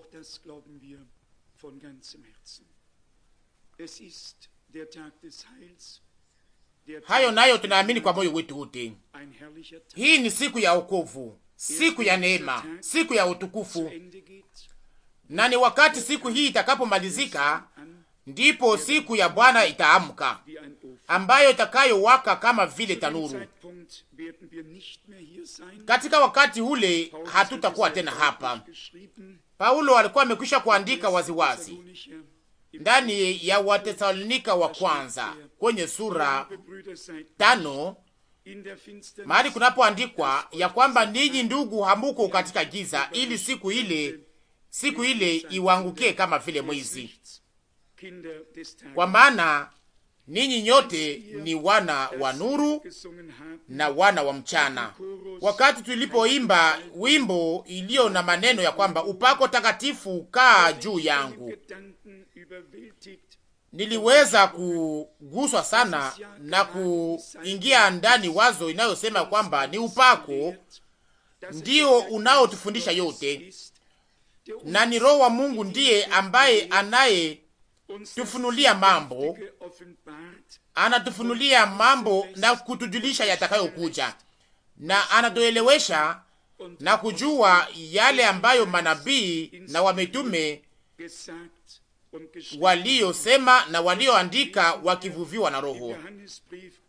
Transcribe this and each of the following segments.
Auch das glauben wir von ganzem Herzen. Es ist der Tag des Heils. Der Hayo nayo tunaamini kwa moyo wetu wote. Hii ni siku ya wokovu, siku ya neema, siku ya utukufu, na ni wakati siku hii itakapomalizika ndipo siku ya Bwana itaamka ambayo itakayowaka kama vile tanuru. Katika wakati ule hatutakuwa tena hapa. Paulo alikuwa amekwisha kuandika waziwazi ndani ya Watesalonika wa kwanza kwenye sura tano mahali kunapoandikwa ya kwamba ninyi ndugu, hamuko katika giza, ili siku ile siku ile iwangukie kama vile mwizi. Kwa maana ninyi nyote ni wana wa nuru na wana wa mchana. Wakati tulipoimba wimbo iliyo na maneno ya kwamba upako takatifu kaa juu yangu, niliweza kuguswa sana na kuingia ndani wazo inayosema kwamba ni upako ndio unaotufundisha yote, na ni Roho wa Mungu ndiye ambaye anaye tufunulia mambo, anatufunulia mambo na kutujulisha yatakayokuja, na anatuelewesha na kujua yale ambayo manabii na wametume waliosema na walioandika wakivuviwa na Roho.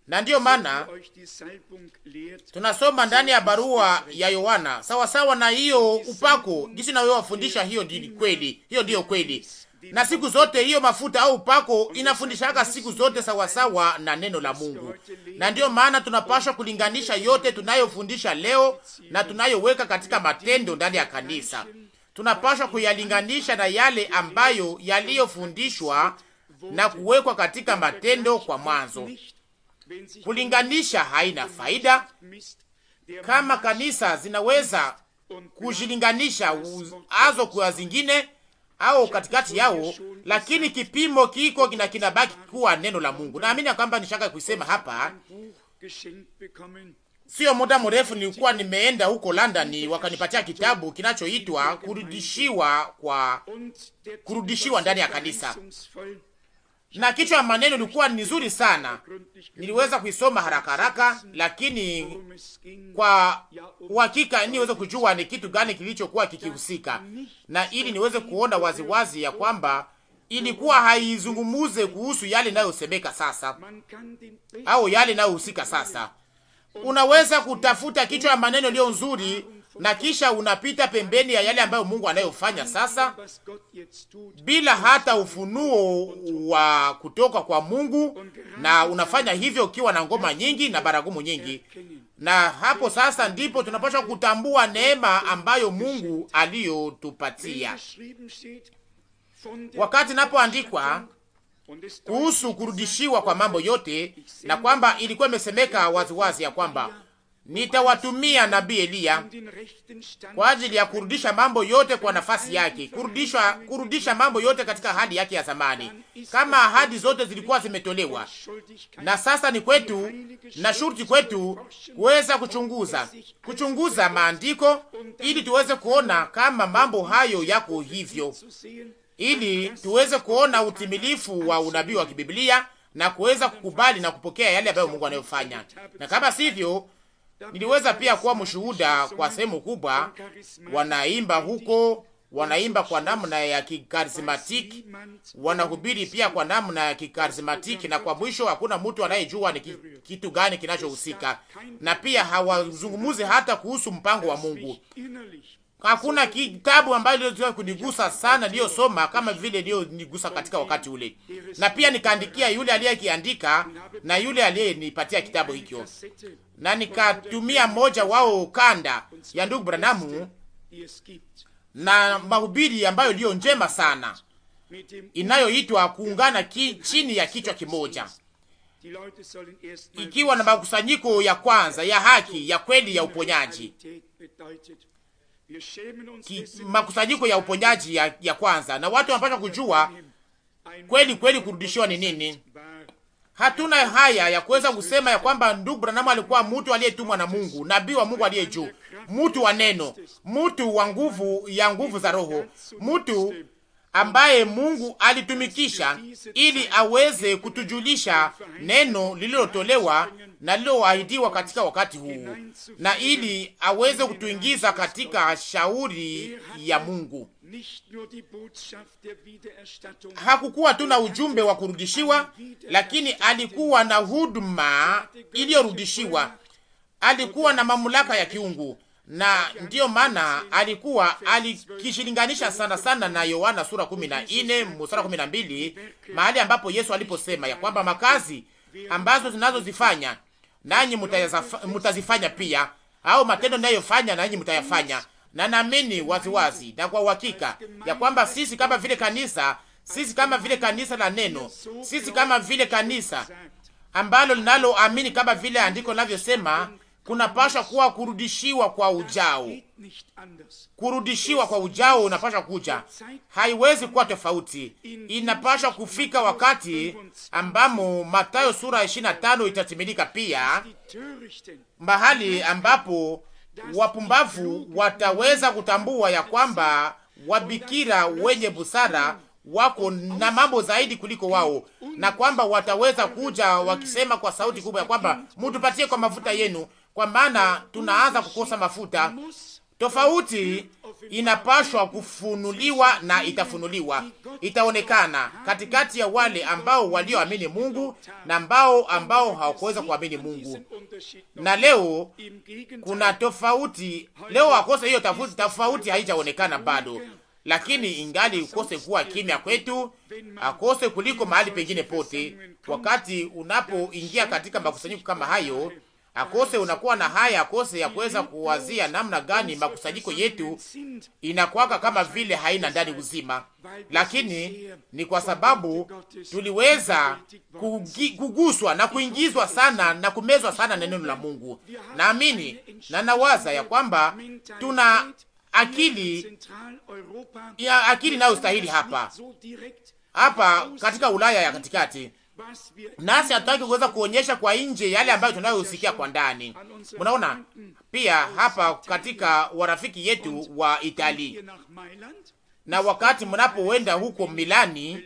Na ndiyo maana tunasoma ndani ya barua ya Yohana sawasawa na hiyo upako, jinsi nawewafundisha. Hiyo ndiyo kweli, hiyo ndiyo kweli na siku zote hiyo mafuta au upako inafundishaka siku zote sawasawa na neno la Mungu, na ndiyo maana tunapashwa kulinganisha yote tunayofundisha leo na tunayoweka katika matendo ndani ya kanisa. Tunapashwa kuyalinganisha na yale ambayo yaliyofundishwa na kuwekwa katika matendo kwa mwanzo. Kulinganisha haina faida kama kanisa zinaweza kujilinganisha azo kwa zingine au katikati yao, lakini kipimo kiko kina kinabaki kuwa neno la Mungu. Naamini ya kwamba nishaka kuisema hapa, sio muda mrefu nilikuwa nimeenda huko London, wakanipatia kitabu kinachoitwa kurudishiwa kwa kurudishiwa ndani ya kanisa na kichwa ya maneno ilikuwa ni nzuri sana, niliweza kuisoma haraka haraka, lakini kwa uhakika niweze kujua ni kitu gani kilichokuwa kikihusika, na ili niweze kuona waziwazi wazi ya kwamba ilikuwa haizungumuze kuhusu yale inayosemeka sasa au yale inayohusika sasa. Unaweza kutafuta kichwa ya maneno iliyo nzuri na kisha unapita pembeni ya yale ambayo Mungu anayofanya sasa, bila hata ufunuo wa kutoka kwa Mungu, na unafanya hivyo ukiwa na ngoma nyingi na baragumu nyingi. Na hapo sasa ndipo tunapaswa kutambua neema ambayo Mungu aliyotupatia. Wakati napoandikwa kuhusu kurudishiwa kwa mambo yote, na kwamba ilikuwa imesemeka waziwazi ya kwamba nitawatumia nabii Eliya kwa ajili ya kurudisha mambo yote kwa nafasi yake, kurudisha, kurudisha mambo yote katika ahadi yake ya zamani, kama ahadi zote zilikuwa zimetolewa. Na sasa ni kwetu na shurti kwetu kuweza kuchunguza, kuchunguza maandiko ili tuweze kuona kama mambo hayo yako hivyo, ili tuweze kuona utimilifu wa unabii wa kibiblia na kuweza kukubali na kupokea yale ambayo Mungu anayofanya, na kama sivyo Niliweza pia kuwa mshuhuda kwa sehemu kubwa, wanaimba huko, wanaimba kwa namna ya kikarismatiki, wanahubiri pia kwa namna ya kikarismatiki, na kwa mwisho hakuna mtu anayejua ni kitu gani kinachohusika, na pia hawazungumuzi hata kuhusu mpango wa Mungu. Hakuna kitabu ambayo iliweza kunigusa sana niliyosoma kama vile iliyonigusa katika wakati ule, na pia nikaandikia yule aliyekiandika na yule aliyenipatia kitabu hicho, na nikatumia moja wao kanda ya ndugu Branamu na mahubiri ambayo iliyo njema sana inayoitwa kuungana ki, chini ya kichwa kimoja, ikiwa na makusanyiko ya kwanza ya haki ya kweli ya uponyaji ki, makusanyiko ya uponyaji ya, ya kwanza, na watu wanapaswa kujua kweli kweli kurudishiwa ni nini. Hatuna haya ya kuweza kusema ya kwamba ndugu Branham alikuwa mtu aliyetumwa na Mungu, nabii wa Mungu aliye juu, mtu wa neno, mtu wa nguvu ya nguvu za Roho, mtu ambaye Mungu alitumikisha ili aweze kutujulisha neno lililotolewa na lililoahidiwa katika wakati huu, na ili aweze kutuingiza katika shauri ya Mungu. Hakukuwa tu na ujumbe wa kurudishiwa, lakini alikuwa na huduma iliyorudishiwa. Alikuwa na mamlaka ya kiungu, na ndiyo maana alikuwa alikishilinganisha sana sana na Yohana sura 14 mstari 12 mahali ambapo Yesu aliposema ya kwamba makazi ambazo zinazozifanya nanyi mtazifanya pia, au matendo ninayofanya nanyi mtayafanya Na naamini waziwazi na kwa uhakika ya kwamba sisi kama vile kanisa, sisi kama vile kanisa la neno, sisi kama vile kanisa ambalo linaloamini kama vile andiko linavyosema kunapasha kuwa kurudishiwa kwa ujao, kurudishiwa kwa ujao unapasha kuja, haiwezi kuwa tofauti. Inapasha kufika wakati ambamo Mathayo sura 25 itatimilika pia, mahali ambapo wapumbavu wataweza kutambua ya kwamba wabikira wenye busara wako na mambo zaidi kuliko wao, na kwamba wataweza kuja wakisema kwa sauti kubwa ya kwamba mutupatie kwa mafuta yenu kwa maana tunaanza kukosa mafuta. Tofauti inapashwa kufunuliwa na itafunuliwa, itaonekana katikati ya wale ambao walioamini Mungu na ambao ambao hawakuweza kuamini Mungu. Na leo kuna tofauti, leo akose hiyo tofauti, tofauti haijaonekana bado, lakini ingali ukose kuwa kimya kwetu akose kuliko mahali pengine pote. Wakati unapoingia katika makusanyiko kama hayo akose unakuwa na haya akose ya kuweza kuwazia namna gani makusanyiko yetu inakwaka kama vile haina ndani uzima, lakini ni kwa sababu tuliweza kuguswa na kuingizwa sana na kumezwa sana na neno la Mungu. Naamini na nawaza ya kwamba tuna akili ya akili inayostahili hapa hapa katika Ulaya ya katikati nasi hatutaki kuweza kuonyesha kwa nje yale ambayo tunayosikia kwa ndani. Mnaona pia hapa katika warafiki yetu wa Itali, na wakati mnapoenda huko Milani,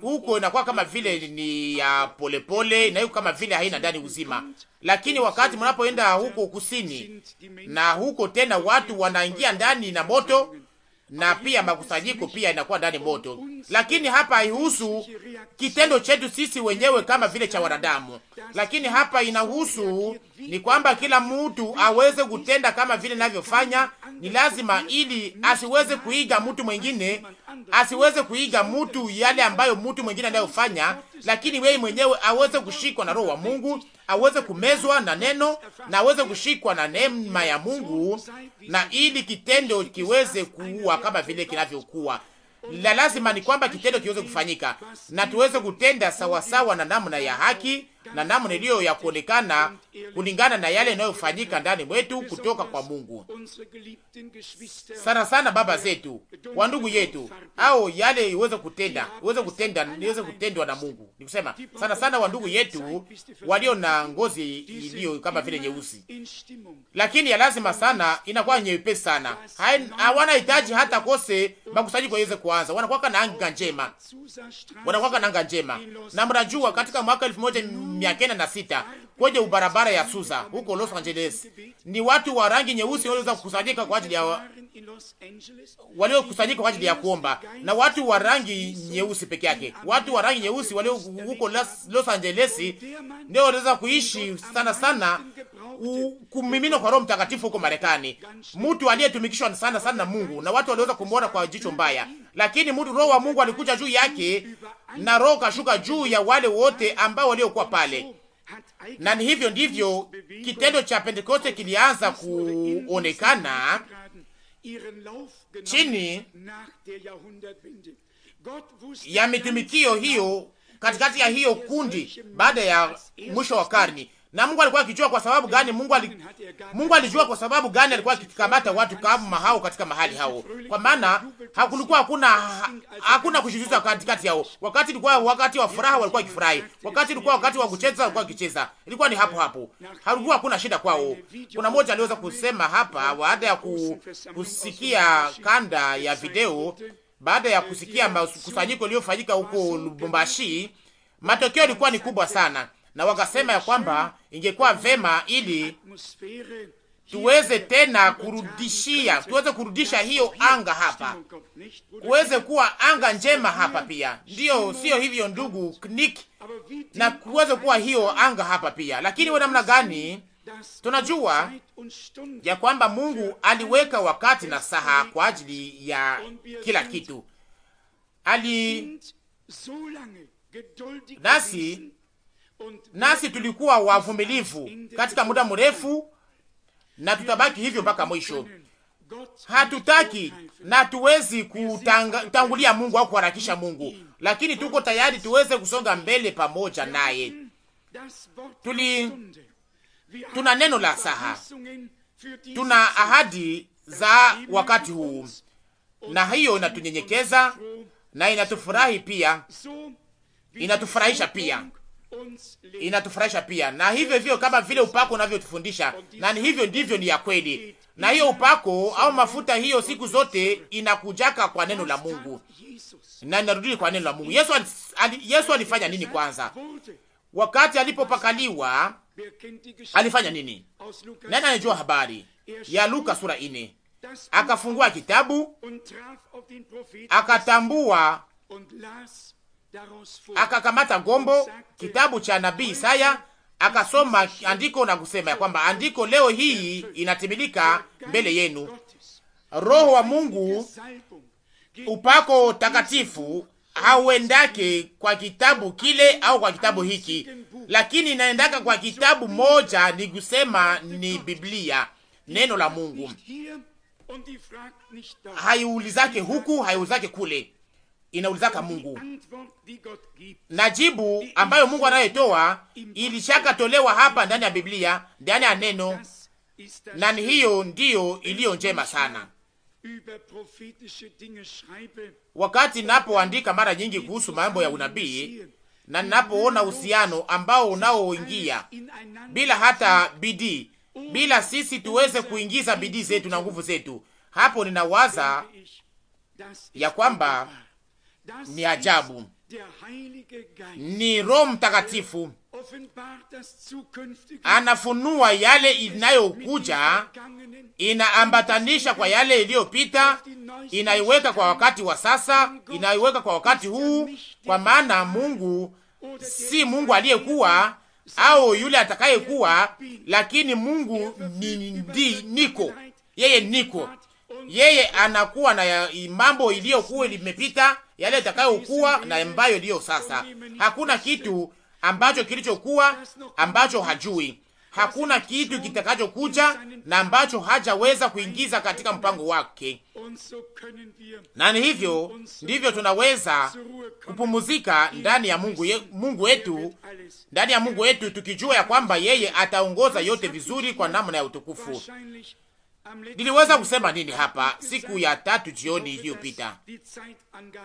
huko inakuwa kama vile ni ya polepole na huko kama vile haina ndani uzima, lakini wakati mnapoenda huko kusini na huko tena watu wanaingia ndani na moto na pia makusanyiko pia inakuwa ndani moto, lakini hapa haihusu kitendo chetu sisi wenyewe kama vile cha wanadamu, lakini hapa inahusu ni kwamba kila mtu aweze kutenda kama vile navyofanya ni lazima, ili asiweze kuiga mtu mwingine, asiweze kuiga mtu yale ambayo mtu mwingine anayofanya, lakini weye mwenyewe aweze kushikwa na roho wa Mungu, aweze kumezwa na neno na aweze kushikwa na neema ya Mungu, na ili kitendo kiweze kuwa kama vile kinavyokuwa la lazima ni kwamba kitendo kiweze kufanyika na tuweze kutenda sawasawa na namna ya haki na namna iliyo ya kuonekana kulingana na yale yanayofanyika ndani mwetu kutoka kwa Mungu, sana sana baba zetu, wa ndugu yetu, au yale iweze kutenda iweze kutenda iweze kutendwa na Mungu. Nikusema sana sana wa ndugu yetu walio na ngozi iliyo kama vile nyeusi, lakini ya lazima sana inakuwa nyeupe sana, hawana hitaji hata kose makusanyiko iweze kuanza, wanakuwa na anga njema, wanakuwa na anga njema, na mnajua katika mwaka elfu moja mia kenda na sita kwenye ubarabara ya Susa huko Los Angeles. Ni watu wa rangi nyeusi walioweza kukusanyika kwa ajili ya waliokusanyika kwa ajili ya kuomba, na watu wa rangi nyeusi peke yake. Watu wa rangi nyeusi walio huko Los Angeles ndio waliweza kuishi sana sana kumimina kwa Roho Mtakatifu huko Marekani, mtu aliyetumikishwa sana sana na Mungu na watu waliweza kumwona kwa jicho mbaya, lakini mtu Roho wa Mungu alikuja juu yake na Roho kashuka juu ya wale wote ambao waliokuwa pale na ni hivyo ndivyo kitendo cha Pentekoste kilianza kuonekana chini ya mitumikio hiyo katikati ya hiyo kundi baada ya mwisho wa karni. Na Mungu alikuwa akijua kwa sababu gani? Mungu ali, Mungu alijua kwa sababu gani alikuwa akikamata watu kama hao katika mahali hao, kwa maana hakulikuwa hakuna hakuna kushuhudia katikati yao. Wakati ilikuwa wakati wa furaha, walikuwa wakifurahi. Wakati ilikuwa wakati wa kucheza, walikuwa wakicheza. Ilikuwa ni hapo hapo, hakulikuwa hakuna shida kwao. Kuna mmoja aliweza kusema hapa baada ya kusikia kanda ya video, baada ya kusikia makusanyiko iliyofanyika huko Lubumbashi, matokeo yalikuwa ni kubwa sana na wakasema ya kwamba ingekuwa vema ili tuweze tena kurudishia, tuweze kurudisha hiyo anga hapa, kuweze kuwa anga njema hapa pia. Ndiyo, sio hivyo ndugu Knik, na kuweze kuwa hiyo anga hapa pia. Lakini we namna gani? Tunajua ya kwamba Mungu aliweka wakati na saha kwa ajili ya kila kitu ali nasi nasi tulikuwa wavumilivu katika muda mrefu, na tutabaki hivyo mpaka mwisho. Hatutaki na tuwezi kutangulia Mungu au kuharakisha Mungu, lakini tuko tayari tuweze kusonga mbele pamoja naye. Tuli tuna neno la saha, tuna ahadi za wakati huu, na hiyo inatunyenyekeza na inatufurahi pia, inatufurahisha pia inatufurahisha pia, na hivyo hivyo kama vile upako unavyotufundisha, na ni hivyo ndivyo ni ya kweli. Na hiyo upako au mafuta hiyo siku zote inakujaka kwa neno la Mungu na inarudi kwa neno la Mungu. Yesu, Yesu alifanya nini kwanza wakati alipopakaliwa? Alifanya nini? Nani anajua habari ya Luka sura ine? Akafungua kitabu akatambua akakamata gombo kitabu cha nabii Isaya akasoma andiko na kusema ya kwamba andiko leo hii inatimilika mbele yenu. Roho wa Mungu, upako takatifu hauendake kwa kitabu kile au kwa kitabu hiki, lakini inaendaka kwa kitabu moja, ni kusema ni Biblia, neno la Mungu. Haiulizake huku haiulizake kule inaulizaka Mungu, na jibu ambayo Mungu anayetoa tolewa hapa ndani ya Biblia, ndani ya neno, na ni hiyo ndiyo iliyo njema sana. Wakati napoandika mara nyingi kuhusu mambo ya unabii na ninapoona uhusiano ambao unaoingia bila hata bidii, bila sisi tuweze kuingiza bidii zetu na nguvu zetu, hapo ninawaza ya kwamba ni ajabu, ni Roho Mtakatifu anafunua yale inayokuja, inaambatanisha kwa yale iliyopita, inaiweka kwa wakati wa sasa, inaiweka kwa wakati huu, kwa maana Mungu si Mungu aliyekuwa au yule atakayekuwa, lakini Mungu ni ndi, niko yeye, niko yeye, anakuwa na mambo iliyokuwa limepita yale yatakayokuwa na ambayo iliyo sasa. Hakuna kitu ambacho kilichokuwa ambacho hajui, hakuna kitu kitakachokuja na ambacho hajaweza kuingiza katika mpango wake. Na ni hivyo ndivyo tunaweza kupumuzika ndani ya Mungu, ye, Mungu wetu, ndani ya Mungu wetu tukijua ya kwamba yeye ataongoza yote vizuri kwa namna ya utukufu. Niliweza kusema nini hapa siku ya tatu jioni iliyopita,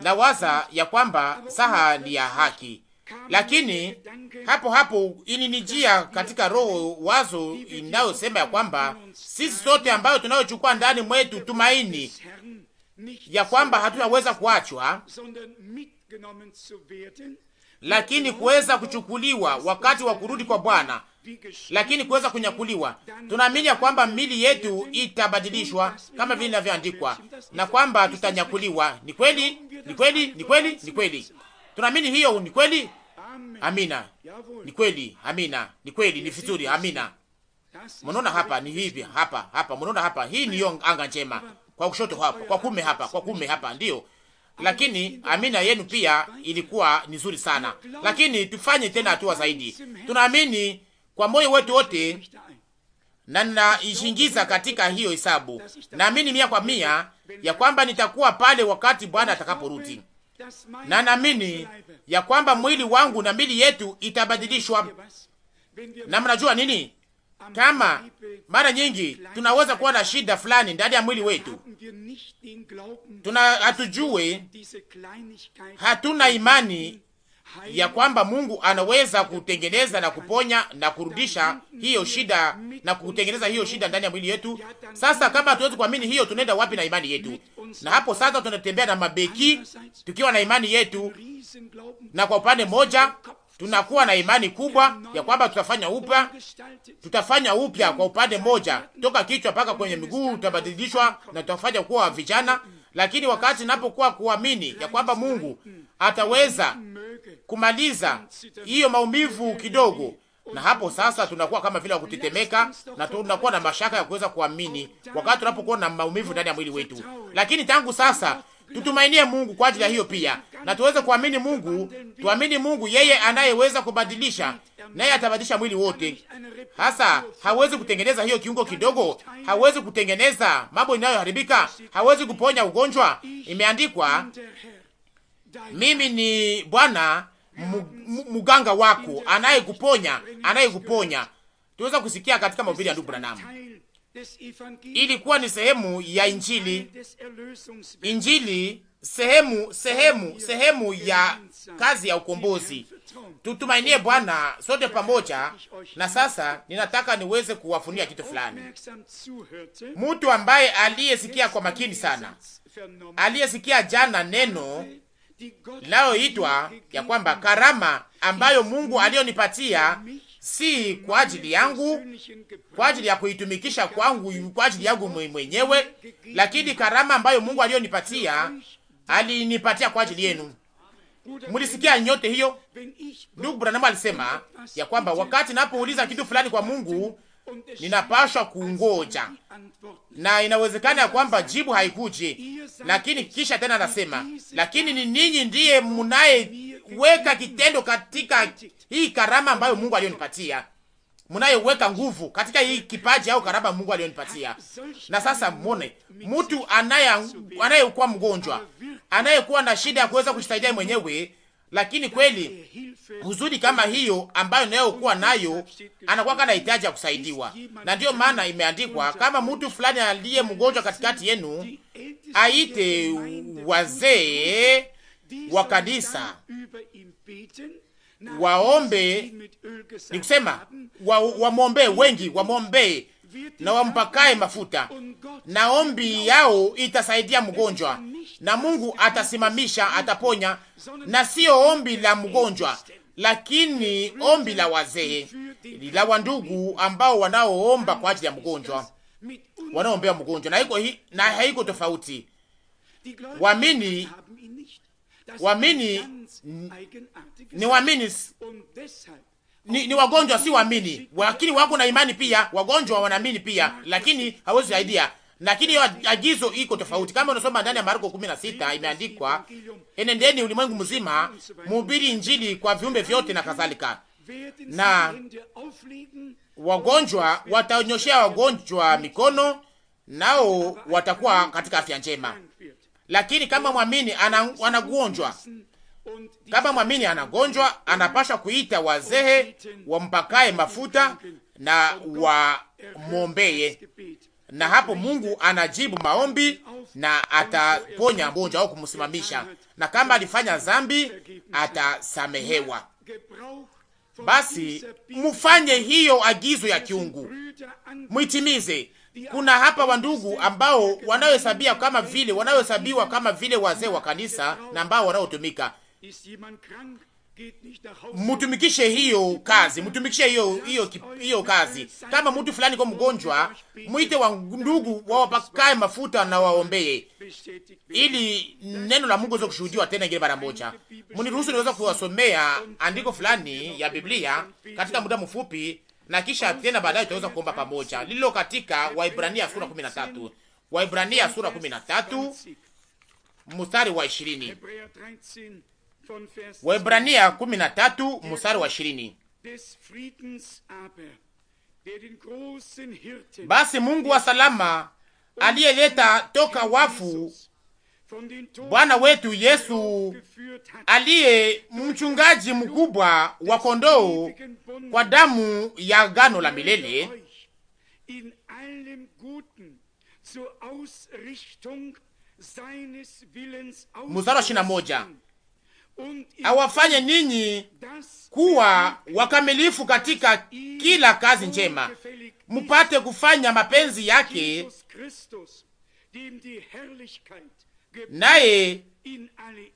na waza ya kwamba saha ni ya haki, lakini hapo hapo ilinijia katika roho wazo inayosema ya kwamba sisi sote ambayo tunayochukua ndani mwetu tumaini ya kwamba hatunaweza kuachwa lakini kuweza kuchukuliwa wakati wa kurudi kwa Bwana lakini kuweza kunyakuliwa. Tunaamini ya kwamba mili yetu itabadilishwa kama vile inavyoandikwa na kwamba tutanyakuliwa. Ni kweli, ni kweli, ni kweli, ni kweli. Tunaamini hiyo ni kweli. Amina, ni kweli. Amina, ni kweli, ni vizuri. Amina. Mnaona hapa ni hivi hapa hapa, mnaona hapa, hii niyo anga njema, kwa kushoto hapa, kwa kume hapa, kwa kume hapa, ndio. lakini amina yenu pia ilikuwa nzuri sana, lakini tufanye tena hatua zaidi. Tunaamini kwa moyo wetu wote, na ninaishingiza katika hiyo hesabu. Naamini mia kwa mia ya kwamba nitakuwa pale wakati Bwana atakaporudi, na naamini ya kwamba mwili wangu na mili yetu itabadilishwa. Na mnajua nini? Kama mara nyingi tunaweza kuwa na shida fulani ndani ya mwili wetu, tuna hatujue, hatuna imani ya kwamba Mungu anaweza kutengeneza na kuponya na kurudisha hiyo shida na kutengeneza hiyo shida ndani ya mwili yetu. Sasa kama hatuwezi kuamini hiyo, tunaenda wapi na imani yetu? Na hapo sasa tunatembea na mabeki tukiwa na imani yetu, na kwa upande mmoja tunakuwa na imani kubwa ya kwamba tutafanya upya, tutafanya upya kwa upande mmoja, toka kichwa mpaka kwenye miguu tutabadilishwa na tutafanya kuwa vijana. Lakini wakati napokuwa kuamini ya kwamba Mungu ataweza kumaliza hiyo maumivu kidogo, na hapo sasa tunakuwa kama vile wakutetemeka na tunakuwa na mashaka ya kuweza kuamini wakati tunapokuwa na maumivu ndani ya mwili wetu. Lakini tangu sasa tutumainie Mungu kwa ajili ya hiyo pia, na tuweze kuamini Mungu, tuamini Mungu yeye anayeweza kubadilisha, naye atabadilisha mwili wote. Hasa hawezi kutengeneza hiyo kiungo kidogo, hawezi kutengeneza mambo inayoharibika, hawezi kuponya ugonjwa. Imeandikwa mimi ni Bwana mganga wako anayekuponya, anayekuponya. Tuweza kusikia katika mahubiri ya ndugu Branham, ilikuwa ni sehemu ya Injili, Injili sehemu sehemu sehemu ya kazi ya ukombozi. Tutumainie Bwana sote pamoja. Na sasa ninataka niweze kuwafunia kitu fulani. Mtu ambaye aliyesikia kwa makini sana, aliyesikia jana neno inayoitwa ya kwamba karama ambayo Mungu aliyonipatia si kwa ajili yangu, kwa ajili ya kuitumikisha kwangu, kwa ajili yangu mwenyewe, lakini karama ambayo Mungu aliyonipatia alinipatia kwa ajili yenu. Mulisikia nyote hiyo. Ndugu Branham alisema ya kwamba wakati napouliza kitu fulani kwa Mungu ninapashwa kungoja, na inawezekana ya kwamba jibu haikuje, lakini kisha tena anasema, lakini ni ninyi ndiye mnayeweka kitendo katika hii karama ambayo Mungu alionipatia, mnayeweka nguvu katika hii kipaji au karama Mungu alionipatia. Na sasa mone mtu anayekuwa mgonjwa, anayekuwa na shida ya kuweza kujisaidia mwenyewe lakini kweli huzuni kama hiyo ambayo nayokuwa nayo anakuwa na hitaji ya kusaidiwa, na ndiyo maana imeandikwa kama mtu fulani aliye mgonjwa katikati yenu aite wazee wa kanisa waombe, ni kusema wamwombee, wa wengi wamwombee na wampakae mafuta, na ombi yao itasaidia mgonjwa na Mungu atasimamisha, ataponya, na siyo ombi la mgonjwa, lakini ombi la wazee, la wandugu ambao wanaoomba kwa ajili ya mgonjwa, wanaoombea mgonjwa, na haiko na haiko tofauti. Waamini waamini ni waamini ni, ni wagonjwa si waamini, lakini wako na imani pia. Wagonjwa wanaamini pia, lakini hawezi saidia. Lakini hiyo agizo iko tofauti. Kama unasoma ndani ya Marko 16 imeandikwa, enendeni ulimwengu mzima, mhubiri injili kwa viumbe vyote na kadhalika. Na wagonjwa watanyoshea wagonjwa mikono, nao watakuwa katika afya njema. Lakini kama mwamini anagonjwa, kama mwamini anagonjwa, anapasha kuita wazehe wampakae mafuta na wamwombeye na hapo Mungu anajibu maombi na ataponya mgonjwa au kumsimamisha, na kama alifanya dhambi atasamehewa. Basi mufanye hiyo agizo ya kiungu, mwitimize. Kuna hapa wandugu ambao wanaohesabia kama vile wanaohesabiwa kama vile wazee wa kanisa na ambao wanaotumika mtumikishe hiyo kazi, mtumikishe hiyo hiyo hiyo kazi. Kama mtu fulani kwa mgonjwa, mwite wa ndugu wawapakae mafuta na waombee, ili neno la Mungu liweze kushuhudiwa tena ingine mara moja. Mniruhusu niweza kuwasomea andiko fulani ya Biblia katika muda mfupi, na kisha tena baadaye tutaweza kuomba pamoja, lilo katika Waibrania sura 13, Waibrania sura 13 mstari wa 20. Waebrania 13 mstari wa 20. Basi Mungu wa salama aliyeleta toka wafu Bwana wetu Yesu aliye mchungaji mkubwa wa kondoo kwa damu ya gano la milele mstari wa ishirini na moja awafanye ninyi kuwa wakamilifu katika kila kazi njema, mupate kufanya mapenzi yake, naye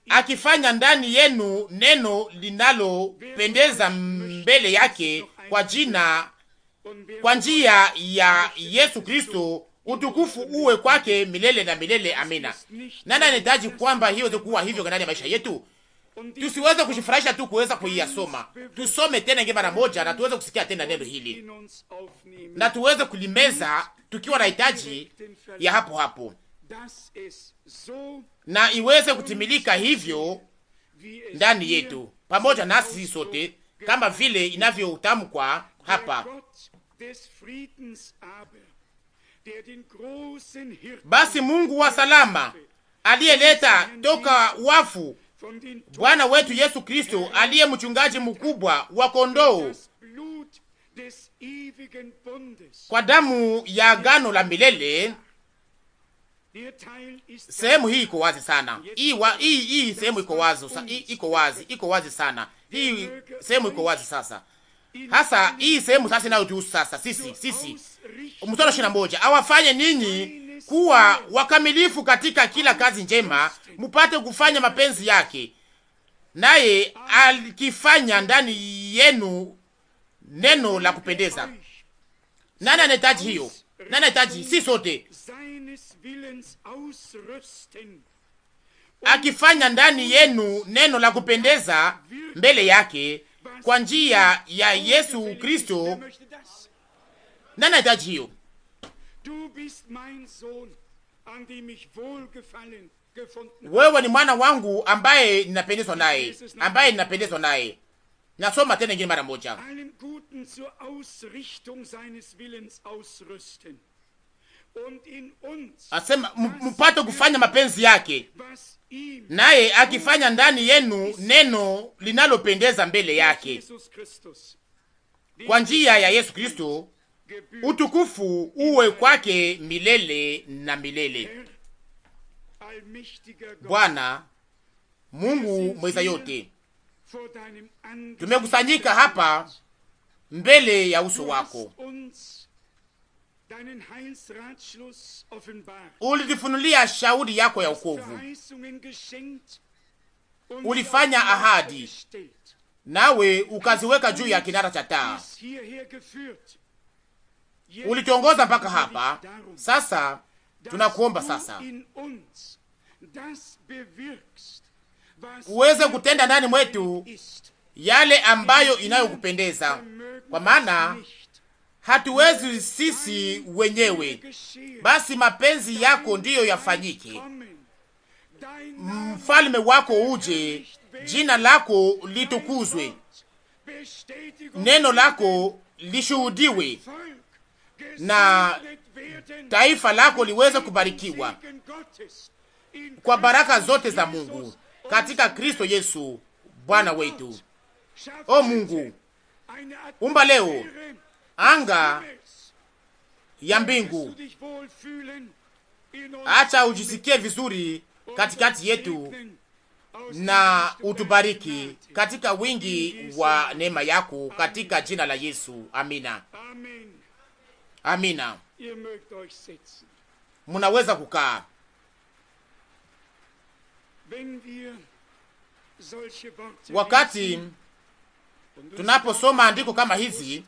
akifanya ndani yenu neno linalopendeza mbele yake, kwa jina kwa njia ya Yesu Kristo, utukufu uwe kwake milele na milele. Amina. Nani anahitaji kwamba hiyo kuwa hivyo ndani ya maisha yetu? Tusiweze kujifurahisha tu kuweza kuiyasoma, tusome tena ingi mara moja, na tuweze kusikia tena neno hili na tuweze kulimeza, tukiwa na hitaji ya hapo hapo, na iweze kutimilika hivyo ndani yetu pamoja nasi sote, kama vile inavyotamkwa hapa basi Mungu wa salama aliyeleta toka wafu Bwana wetu Yesu Kristo aliye mchungaji mkubwa wa kondoo kwa damu ya agano la milele. Sehemu hii iko wazi sana, hii wa, hii, hii sehemu iko wazi, iko wazi, iko wazi sana. Hii sehemu iko wazi sasa, hasa hii sehemu sasa inayotuhusu sasa sisi, sisi. Mstari ishirini na moja awafanye ninyi kuwa wakamilifu katika kila kazi njema, mupate kufanya mapenzi yake, naye alikifanya ndani yenu neno la kupendeza. Nani anahitaji hiyo? Nani anahitaji? Si sote, akifanya ndani yenu neno la kupendeza mbele yake kwa njia ya Yesu Kristo. Nani anahitaji hiyo? wewe ni mwana wangu ambaye ninapendezwa naye, ambaye ninapendezwa naye. Nasoma tena ingine mara moja, asema mpate kufanya mapenzi yake, naye akifanya ndani yenu neno linalopendeza mbele yake kwa njia ya Yesu Kristo utukufu uwe kwake milele na milele. Bwana Mungu mweza yote, tumekusanyika hapa mbele ya uso wako, ulitufunulia shauri yako ya ukovu, ulifanya ahadi nawe ukaziweka juu ya kinara cha taa ulituongoza mpaka hapa. Sasa tunakuomba sasa uweze kutenda ndani mwetu yale ambayo inayokupendeza, kwa maana hatuwezi sisi wenyewe, basi mapenzi yako ndiyo yafanyike. Mfalme wako uje, jina lako litukuzwe, neno lako lishuhudiwe na taifa lako liweze kubarikiwa kwa baraka zote za Mungu katika Kristo Yesu Bwana wetu. O Mungu, umba leo anga ya mbingu, acha ujisikie vizuri katikati yetu na utubariki katika wingi wa neema yako katika jina la Yesu, amina. Amina, munaweza kukaa. Wakati tunaposoma andiko kama hizi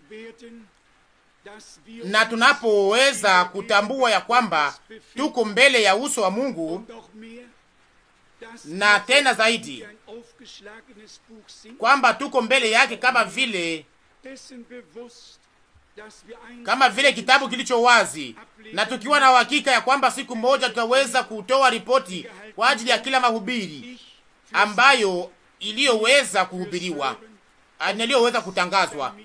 na tunapoweza kutambua ya kwamba tuko mbele ya uso wa Mungu na tena zaidi kwamba tuko mbele yake kama vile kama vile kitabu kilicho wazi, na tukiwa na uhakika ya kwamba siku moja tutaweza kutoa ripoti kwa ajili ya kila mahubiri ambayo iliyoweza kuhubiriwa aliyoweza ah, kutangazwa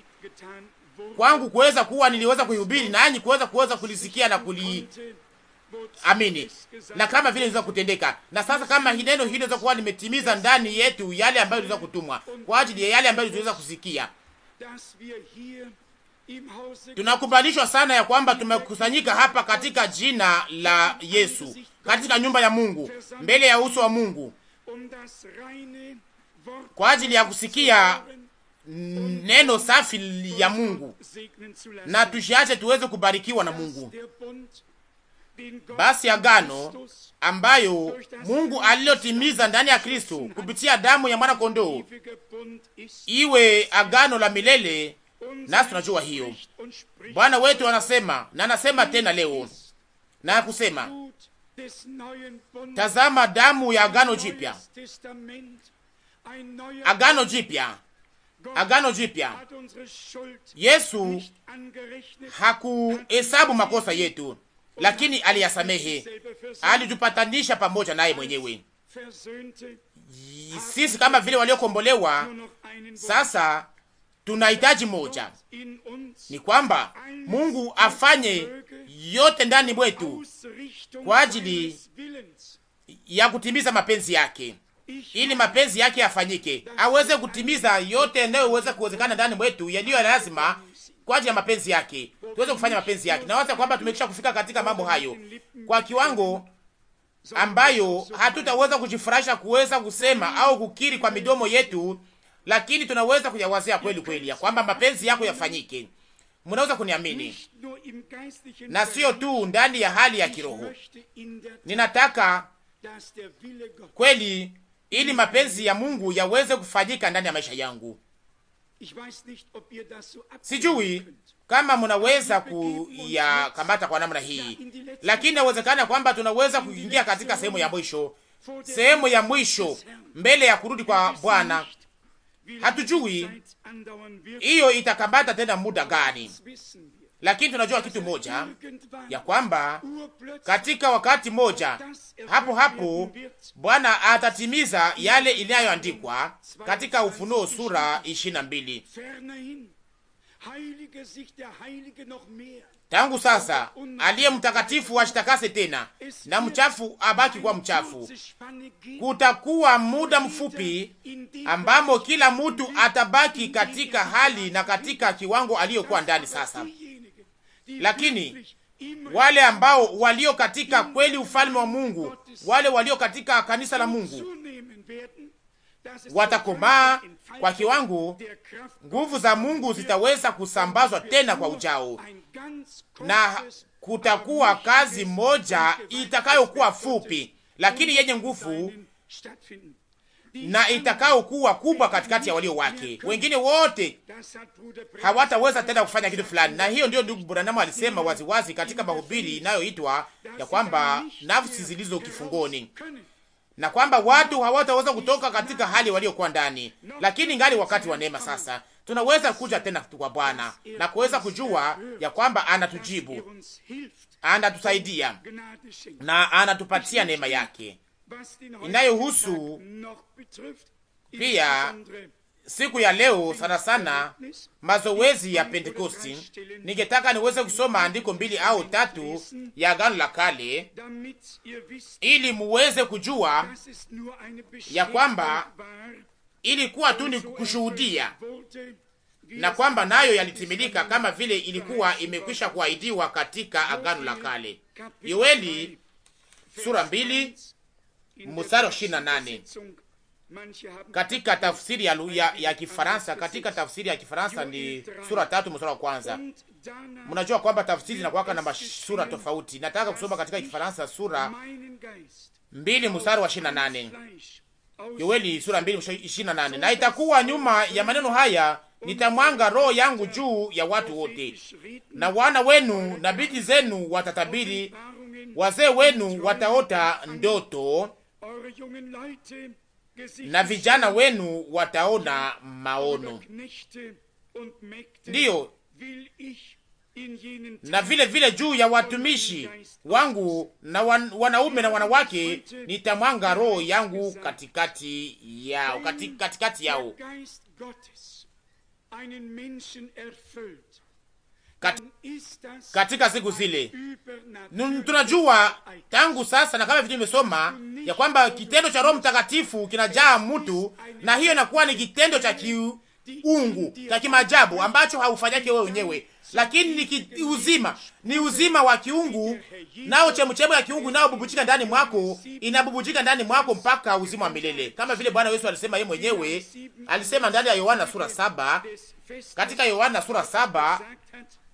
kwangu kuweza kuwa niliweza kuihubiri nanyi kuweza kuweza kulisikia na amini na kama vile iliweza kutendeka. Na sasa kama neno hili liweza kuwa limetimiza ndani yetu yale ambayo iliweza kutumwa kwa ajili ya yale ambayo iliweza kusikia Tunakubalishwa sana ya kwamba tumekusanyika hapa katika jina la Yesu, katika nyumba ya Mungu, mbele ya uso wa Mungu, kwa ajili ya kusikia neno safi ya Mungu, na tushiache tuweze kubarikiwa na Mungu. Basi agano ambayo Mungu alilotimiza ndani ya Kristo kupitia damu ya mwana kondoo iwe agano la milele nasi tunajua hiyo. Bwana wetu anasema na anasema tena leo na kusema, tazama damu ya agano jipya, agano jipya, agano jipya. Yesu hakuhesabu makosa yetu, lakini aliyasamehe, alijupatanisha pamoja naye mwenyewe sisi kama vile waliokombolewa sasa tunahitaji moja, ni kwamba Mungu afanye yote ndani mwetu kwa ajili ya kutimiza mapenzi yake, ili mapenzi yake yafanyike, aweze kutimiza yote yanayoweza kuwezekana ndani mwetu yaliyo ya lazima kwa ajili ya mapenzi yake, tuweze kufanya mapenzi yake. Nawaza kwamba tumekisha kufika katika mambo hayo kwa kiwango ambayo hatutaweza kujifurahisha kuweza kusema au kukiri kwa midomo yetu lakini tunaweza kuyawazia kweli kweli ya kwamba mapenzi yako yafanyike. Mnaweza kuniamini, na sio tu ndani ya hali ya kiroho. Ninataka kweli, ili mapenzi ya Mungu yaweze kufanyika ndani ya maisha yangu. Sijui kama mnaweza kuyakamata kwa namna hii, lakini inawezekana kwamba tunaweza kuingia katika sehemu ya mwisho, sehemu ya mwisho mbele ya kurudi kwa Bwana Hatujui hiyo itakambata tena muda gani, lakini tunajua kitu moja ya kwamba katika wakati moja hapo hapo Bwana atatimiza yale inayoandikwa katika Ufunuo sura ishirini na mbili. Tangu sasa aliye mtakatifu ashitakase tena na mchafu abaki kuwa mchafu. Kutakuwa muda mfupi ambamo kila mtu atabaki katika hali na katika kiwango aliyokuwa ndani sasa, lakini wale ambao walio katika kweli ufalme wa Mungu, wale walio katika kanisa la Mungu watakomaa kwa kiwango, nguvu za Mungu zitaweza kusambazwa tena kwa ujao, na kutakuwa kazi moja itakayokuwa fupi lakini yenye nguvu na itakayokuwa kubwa katikati ya walio wake. Wengine wote hawataweza tena kufanya kitu fulani, na hiyo ndiyo ndugu Branamu alisema waziwazi katika mahubiri inayoitwa ya kwamba nafsi zilizo kifungoni na kwamba watu hawataweza kutoka katika hali waliokuwa ndani, lakini ngali wakati wa neema sasa tunaweza kuja tena kwa Bwana na kuweza kujua ya kwamba anatujibu, anatusaidia na anatupatia neema yake inayohusu pia siku ya leo sana sana mazoezi ya Pentekosti, ningetaka niweze kusoma andiko mbili au tatu ya Agano la Kale ili muweze kujua ya kwamba ilikuwa tu ni kushuhudia na kwamba nayo yalitimilika kama vile ilikuwa imekwisha kuahidiwa katika Agano la Kale. Yoeli sura mbili mstari wa ishirini na nane katika tafsiri ya, ya, ya Kifaransa, katika tafsiri ya Kifaransa ni sura tatu mstari wa kwanza. Mnajua kwamba tafsiri zinakuwaka na sura tofauti. Nataka kusoma katika Kifaransa sura mbili mstari wa ishirini na nane Yoeli sura mbili ishirini na nane na itakuwa nyuma ya maneno haya nitamwanga roho yangu juu ya watu wote, na wana wenu na binti zenu watatabiri, wazee wenu wataota ndoto na vijana wenu wataona maono. Ndiyo, na vile vile juu ya watumishi wangu na wan, wanaume na wanawake nitamwanga roho yangu katikati yao, katikati yao. Kat, katika siku zile tunajua tangu sasa, na kama vile nimesoma ya kwamba kitendo cha Roho Mtakatifu kinajaa mtu, na hiyo inakuwa ni kitendo cha kiungu cha kimajabu ambacho haufanyake wewe wenyewe, lakini ni uzima ni uzima wa kiungu, nao chemuchemu ya kiungu inaobubujika ndani mwako, inabubujika ndani mwako mpaka uzima wa milele, kama vile Bwana Yesu alisema yeye mwenyewe, alisema ndani ya Yohana sura saba, katika Yohana sura saba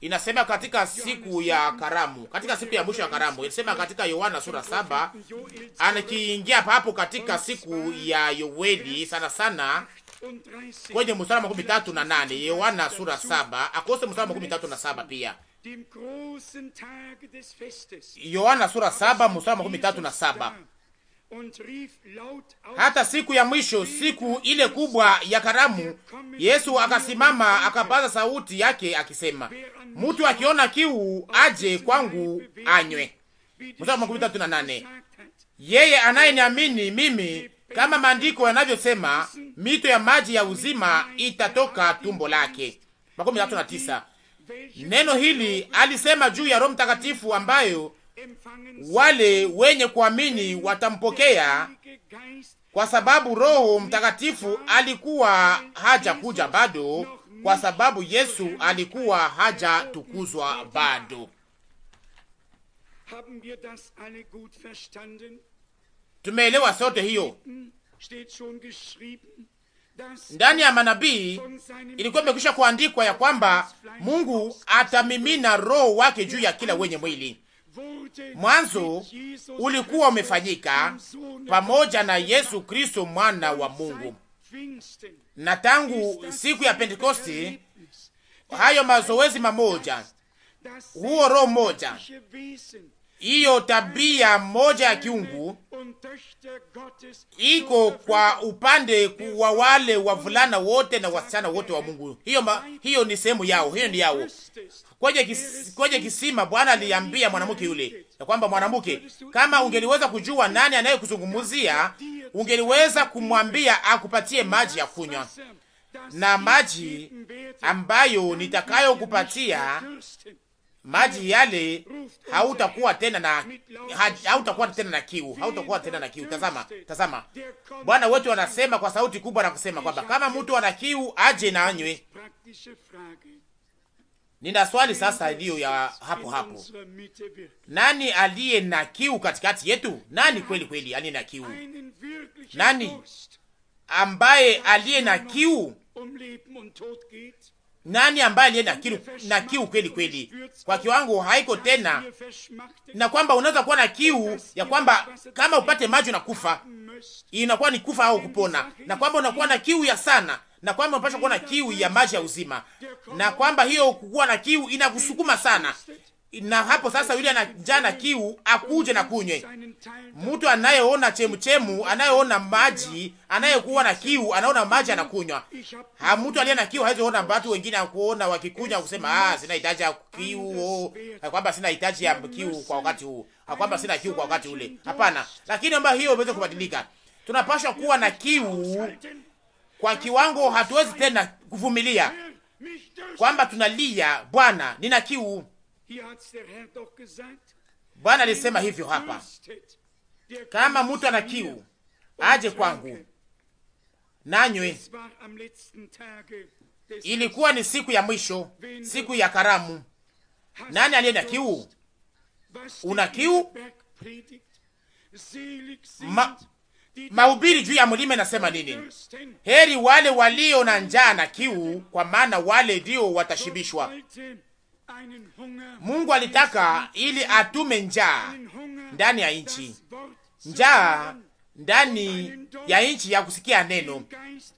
inasema katika siku ya karamu, katika siku ya mwisho ya karamu, inasema katika Yohana sura saba, anakiingia hapo katika siku ya Yoweli sana sana kwenye mstari makumi tatu na nane Yohana sura saba akose mstari makumi tatu na saba pia Yohana sura saba mstari makumi tatu na saba hata siku ya mwisho, siku ile kubwa ya karamu, Yesu akasimama akapaza sauti yake akisema, mtu akiona kiu aje kwangu anywe. Yeye anayeniamini mimi, kama maandiko yanavyosema, mito ya maji ya uzima itatoka tumbo lake. Makumi tatu na tisa. Neno hili alisema juu ya Roho Mtakatifu ambayo wale wenye kuamini watampokea, kwa sababu Roho Mtakatifu alikuwa hajakuja bado, kwa sababu Yesu alikuwa hajatukuzwa bado. Tumeelewa sote hiyo. Ndani ya manabii ilikuwa imekwisha kuandikwa ya kwamba Mungu atamimina roho wake juu ya kila wenye mwili mwanzo ulikuwa umefanyika pamoja na Yesu Kristo mwana wa Mungu. Na tangu siku ya Pentekosti hayo mazoezi mamoja, huo roho moja hiyo tabia moja ya kiungu iko kwa upande wa wale wavulana wote na wasichana wote wa Mungu. Hiyo, ma, hiyo ni sehemu yao, hiyo ni yao. Kwenye, kis, kwenye kisima Bwana aliambia mwanamke yule ya kwamba mwanamke, kama ungeliweza kujua nani anayekuzungumzia ungeliweza kumwambia akupatie maji ya kunywa, na maji ambayo nitakayokupatia maji yale, hautakuwa tena na hautakuwa tena na kiu, hautakuwa tena na kiu. Tazama, tazama, Bwana wetu anasema kwa sauti kubwa na kusema kwamba kama mtu ana kiu aje na anywe. Nina swali sasa iliyo ya hapo hapo, nani aliye na kiu katikati yetu? Nani kweli kweli aliye na kiu? Nani ambaye aliye na kiu nani ambaye aliye na kiu na kiu kweli kweli, kwa kiwango haiko tena, na kwamba unaweza kuwa na kiu ya kwamba kama upate maji unakufa, inakuwa ni kufa au kupona, na kwamba unakuwa na kiu ya sana, na kwamba unapaswa kuwa na kiu ya maji ya uzima, na kwamba hiyo kukuwa na kiu inakusukuma sana, na hapo sasa, yule ana njaa na kiu akuje na kunywe. Mtu anayeona chemuchemu, anayeona maji, anayekuwa na kiu anaona maji anakunywa. Ha, mtu aliye na kiu hawezi kuona watu wengine akuona wakikunywa kusema ah, sina hitaji ya kiu oh, kwamba sina hitaji ya kiu kwa wakati huu, kwamba sina kiu kwa wakati ule. Hapana, lakini ambayo hiyo iweze kubadilika, tunapaswa kuwa na kiu kwa kiwango, hatuwezi tena kuvumilia kwamba tunalia, Bwana, nina kiu Bwana alisema hivyo hapa, kama mtu ana kiu aje kwangu nanywe. Ilikuwa ni siku ya mwisho, siku ya karamu. Nani aliye na kiu? Una kiu? Ma, mahubiri juu ya mlima inasema nini? Heri wale walio na njaa na kiu, kwa maana wale ndio watashibishwa. Mungu alitaka ili atume njaa ndani ya nchi, njaa ndani ya nchi ya kusikia neno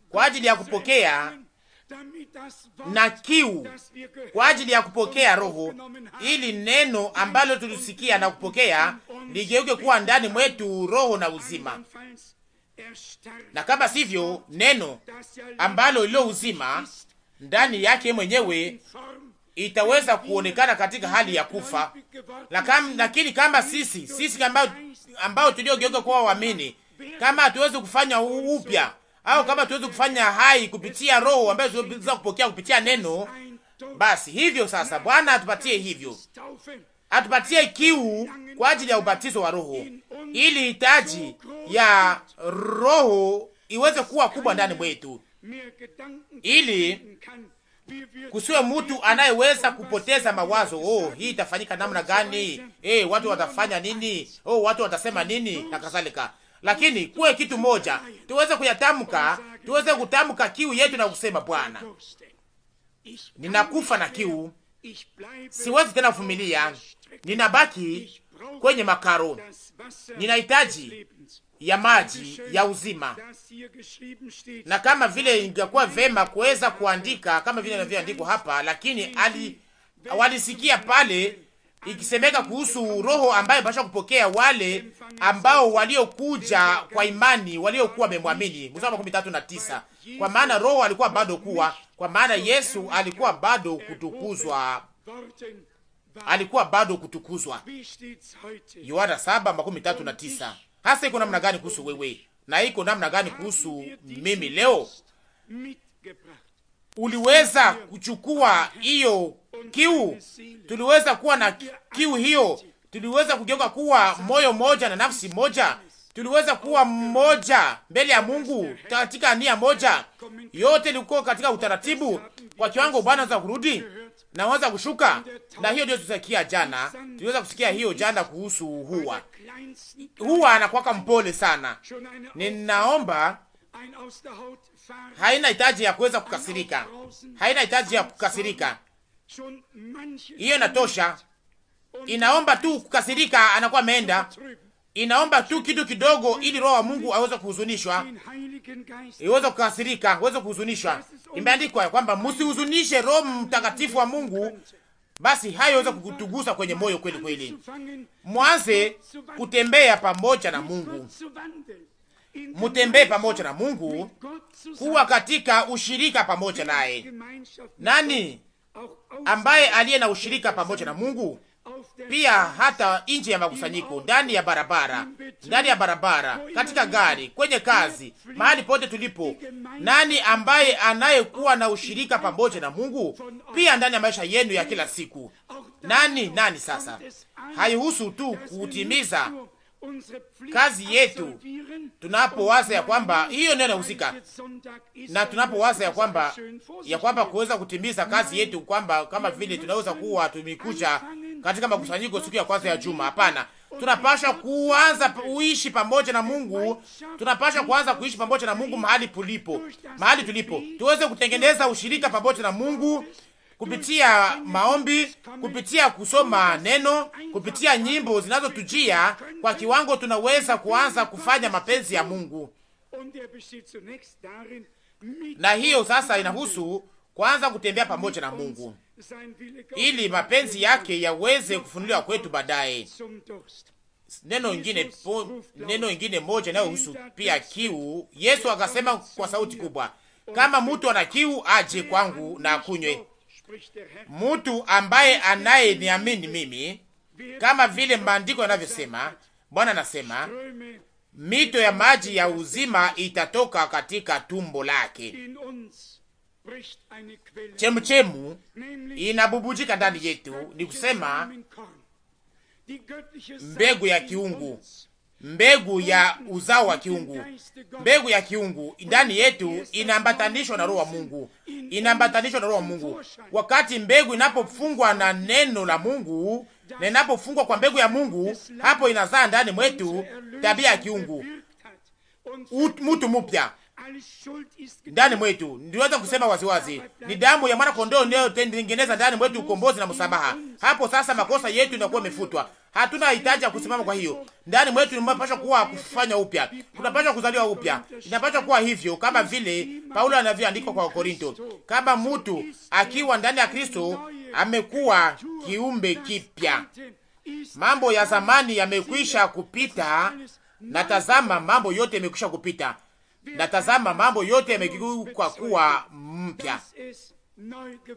kwa ajili ya kupokea na kiu kwa ajili ya kupokea Roho, ili neno ambalo tulisikia na kupokea ligeuke kuwa ndani mwetu roho na uzima, na kama sivyo, neno ambalo lilo uzima ndani yake mwenyewe itaweza kuonekana katika hali ya kufa. Lakini kama sisi sisi ambao, ambao tuliogeuka kuwa waamini, kama hatuwezi kufanya upya au kama tuwezi kufanya hai kupitia roho ambayo tunaweza kupokea kupitia neno, basi hivyo sasa Bwana atupatie hivyo, atupatie kiu kwa ajili ya ubatizo wa roho, ili hitaji ya roho iweze kuwa kubwa ndani mwetu ili kusiwe mtu anayeweza kupoteza mawazo. Oh, hii itafanyika namna gani? Eh, watu watafanya nini? Oh, watu watasema nini na kadhalika. Lakini kuwe kitu moja, tuweze kuyatamka, tuweze kutamka kiu yetu na kusema, Bwana, ninakufa na kiu, siwezi tena kuvumilia, ninabaki kwenye makaro, ninahitaji ya maji ya uzima. Na kama vile ingekuwa vema kuweza kuandika kama vile inavyoandikwa hapa, lakini ali walisikia pale ikisemeka kuhusu roho ambayo basha kupokea wale ambao waliokuja kwa imani waliokuwa wamemwamini. Mstari makumi tatu na tisa. Kwa maana roho alikuwa bado kuwa, kwa maana Yesu alikuwa bado kutukuzwa, alikuwa bado kutukuzwa. Yohana saba makumi tatu na tisa hasa iko namna gani kuhusu wewe na iko namna gani kuhusu mimi leo? Uliweza kuchukua hiyo kiu, tuliweza kuwa na kiu hiyo, tuliweza kugeuka kuwa moyo moja na nafsi moja, tuliweza kuwa mmoja mbele ya Mungu katika nia moja. Yote ilikuwa katika utaratibu kwa kiwango. Bwana za kurudi na anaweza kushuka, na hiyo ndio tusikia jana, tuliweza kusikia hiyo jana kuhusu huwa huwa anakuwaka mpole sana. Ninaomba haina hitaji ya kuweza kukasirika, haina hitaji ya kukasirika, hiyo inatosha. Inaomba tu kukasirika, anakuwa ameenda. Inaomba tu kitu kidogo, ili roho wa Mungu aweze kuhuzunishwa, iweze kukasirika, aweze kuhuzunishwa. Imeandikwa kwamba msihuzunishe Roho Mtakatifu wa Mungu basi hayo weza kutugusa kwenye moyo kweli kweli. Mwanze kutembea pamoja na Mungu, mutembee pamoja na Mungu, kuwa katika ushirika pamoja naye. Nani ambaye aliye na ushirika pamoja na Mungu? pia hata nje ya makusanyiko, ndani ya barabara, ndani ya barabara, katika gari, kwenye kazi, mahali pote tulipo. Nani ambaye anayekuwa na ushirika pamoja na Mungu? Pia ndani ya maisha yenu ya kila siku, nani nani? Sasa haihusu tu kutimiza kazi yetu tunapowaza ya kwamba hiyo ndio inahusika, na tunapowaza ya kwamba ya kwamba kuweza kutimiza kazi yetu, kwamba kama vile tunaweza kuwa tumekuja katika makusanyiko siku ya kwanza ya juma. Hapana, tunapasha kuanza kuishi pamoja na Mungu, tunapasha kuanza kuishi pamoja na Mungu mahali pulipo, mahali tulipo, tuweze kutengeneza ushirika pamoja na Mungu kupitia maombi, kupitia kusoma neno, kupitia nyimbo zinazotujia kwa kiwango, tunaweza kuanza kufanya mapenzi ya Mungu. Na hiyo sasa inahusu kuanza kutembea pamoja na Mungu ili mapenzi yake yaweze kufunuliwa kwetu baadaye. Neno ingine, neno ingine moja inayohusu pia kiu. Yesu akasema kwa sauti kubwa, kama mtu ana kiu aje kwangu na akunywe. Mtu ambaye niamini mimi, kama vile maandiko yanavyosema, Bwana anasema mito ya maji ya uzima itatoka katika tumbo lake chemuchemu inabubujika ndani yetu, ni kusema mbegu ya kiungu, mbegu ya uzao wa kiungu, mbegu ya kiungu ndani yetu inaambatanishwa na roho wa Mungu, inaambatanishwa na roho wa Mungu. Wakati mbegu inapofungwa na neno la Mungu na inapofungwa kwa mbegu ya Mungu, hapo inazaa ndani mwetu tabia ya kiungu, mtu mupya ndani mwetu. Ndiweza kusema waziwazi, ni damu ya mwana kondoo ndio tengeneza ndani mwetu ukombozi na msamaha. Hapo sasa makosa yetu inakuwa imefutwa, hatuna hitaji ya kusimama. Kwa hiyo ndani mwetu tunapaswa kuwa kufanya upya, tunapaswa kuzaliwa upya. Inapaswa kuwa hivyo, kama vile Paulo anavyoandika kwa Korinto, kama mtu akiwa ndani ya Kristo amekuwa kiumbe kipya, mambo ya zamani yamekwisha kupita, na tazama, mambo yote yamekwisha kupita na tazama, mambo yote yamegeuka kuwa mpya,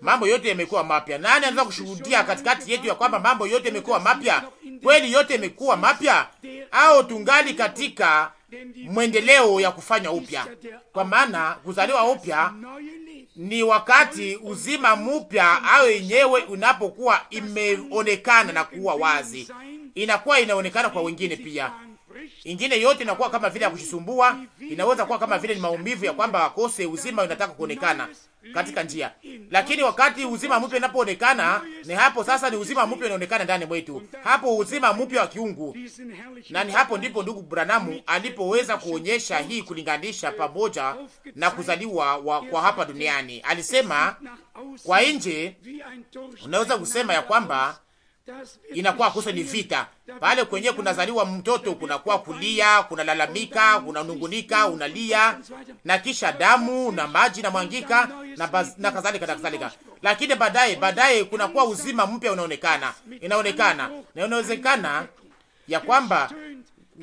mambo yote yamekuwa mapya. Nani anaweza kushuhudia katikati yetu ya kwamba mambo yote yamekuwa mapya kweli? Yote yamekuwa mapya, au tungali katika mwendeleo ya kufanya upya? Kwa maana kuzaliwa upya ni wakati uzima mpya au yenyewe unapokuwa imeonekana na kuwa wazi, inakuwa inaonekana kwa wengine pia Ingine yote inakuwa kama vile ya kujisumbua, inaweza kuwa kama vile ni maumivu ya kwamba wakose uzima unataka kuonekana katika njia. Lakini wakati uzima mpya unapoonekana, ni hapo sasa ni uzima mpya unaonekana ndani mwetu. Hapo uzima mpya wa kiungu. Na ni hapo ndipo ndugu Branamu alipoweza kuonyesha hii kulinganisha pamoja na kuzaliwa wa, kwa hapa duniani. Alisema kwa nje unaweza kusema ya kwamba inakuwa kosa ni vita. Pale kwenye kunazaliwa mtoto kunakuwa kulia, kunalalamika, kunanungunika, unalia na kisha damu na maji na mwangika na, baz, na kadhalika na kadhalika, lakini baadaye baadaye kunakuwa uzima mpya unaonekana, inaonekana na inawezekana ya kwamba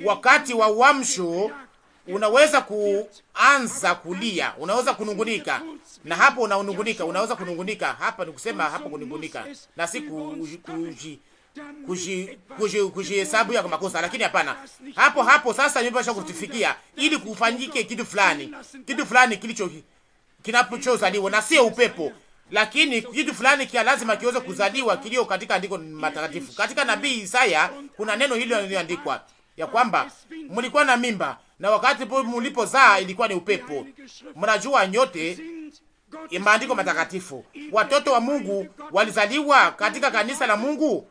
wakati wa uamsho unaweza kuanza kulia, unaweza kunungunika, na hapo unaunungunika, unaweza kunungunika hapa, ni kusema hapo kunungunika na si kuji kujihesabu kuji, kuji ya makosa, lakini hapana, hapo hapo sasa nimepasha kutufikia ili kufanyike kitu fulani, kitu fulani kilicho kinapozaliwa na sio upepo, lakini kitu fulani kia lazima kiweze kuzaliwa kilio katika andiko matakatifu. Katika nabii Isaya kuna neno hilo lililoandikwa ya kwamba mlikuwa na mimba na wakati mulipozaa ilikuwa ni upepo. Mnajua nyote maandiko matakatifu, watoto wa Mungu walizaliwa katika kanisa la Mungu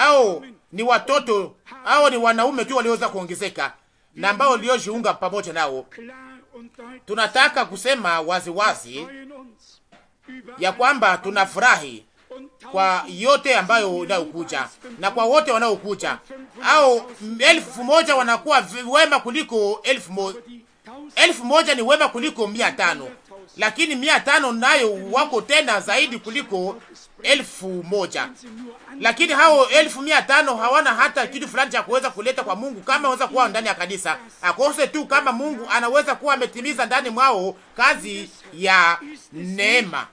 au ni watoto au ni wanaume tu walioweza kuongezeka na ambao waliojiunga pamoja nao. Tunataka kusema waziwazi wazi ya kwamba tunafurahi kwa yote ambayo inayokuja na kwa wote wanaokuja, au elfu moja wanakuwa wema kuliko elfu moja. Elfu moja ni wema kuliko mia tano, lakini mia tano nayo wako tena zaidi kuliko elfu moja, lakini hao elfu mia tano hawana hata kitu fulani cha kuweza kuleta kwa Mungu kama waweza kuwa ndani ya kanisa, akose tu kama Mungu anaweza kuwa ametimiza ndani mwao kazi ya neema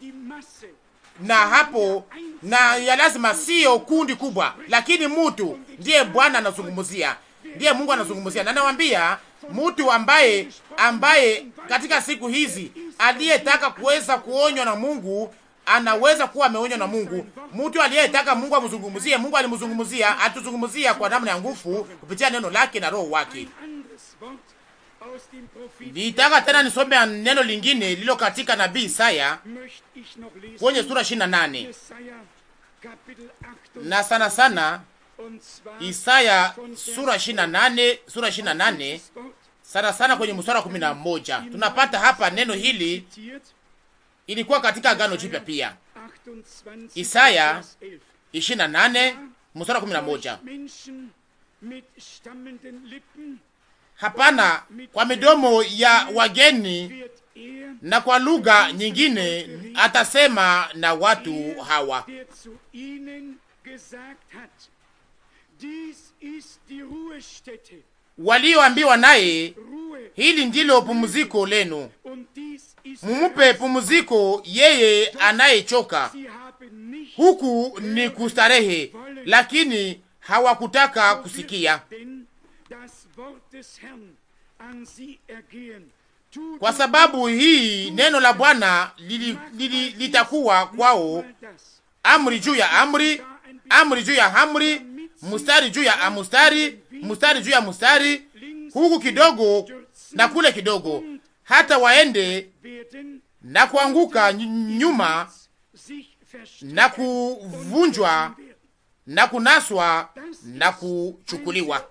na hapo na ya lazima, sio kundi kubwa, lakini mtu ndiye Bwana anazungumzia, ndiye Mungu anazungumzia, na nawaambia mtu ambaye ambaye katika siku hizi aliyetaka kuweza kuonywa na Mungu anaweza kuwa ameonywa na Mungu. Mtu aliyetaka Mungu amzungumzie, Mungu alimzungumzia, atuzungumzia kwa namna ya nguvu kupitia neno lake na roho wake. Nitaka tena nisome neno lingine lilo katika nabii Isaya kwenye sura 28 na sana sana Isaya sura 28, sura 28 sana sana kwenye mstari wa 11 tunapata hapa neno hili, ilikuwa katika Agano Jipya pia. Isaya 28 mstari wa 11 hapana kwa midomo ya wageni na kwa lugha nyingine atasema na watu hawa. Walioambiwa naye, hili ndilo pumziko lenu, mumupe pumziko yeye anayechoka. Huku ni kustarehe, lakini hawakutaka kusikia kwa sababu hii neno la Bwana litakuwa kwao amri juu ya amri, amri juu ya amri, mustari juu ya mustari, mustari juu ya mustari, huku kidogo na kule kidogo, hata waende na kuanguka nyuma na kuvunjwa na kunaswa na kuchukuliwa.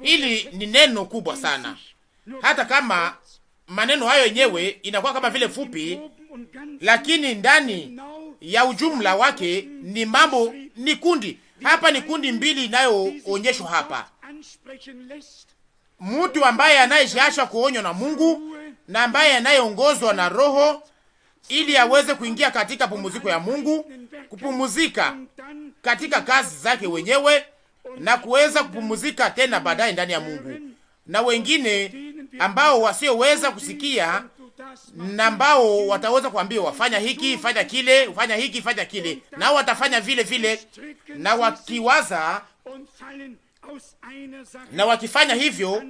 Hili ni neno kubwa sana, hata kama maneno hayo yenyewe inakuwa kama vile fupi, lakini ndani ya ujumla wake ni mambo, ni kundi hapa, ni kundi mbili inayoonyeshwa hapa, mtu ambaye anayejiacha kuonywa na Mungu na ambaye anayeongozwa na Roho ili aweze kuingia katika pumuziko ya Mungu, kupumuzika katika kazi zake wenyewe na kuweza kupumuzika tena baadaye ndani ya Mungu, na wengine ambao wasioweza kusikia na ambao wataweza kuambia wafanya hiki fanya kile, fanya hiki fanya kile, na watafanya vile vile, na wakiwaza na wakifanya hivyo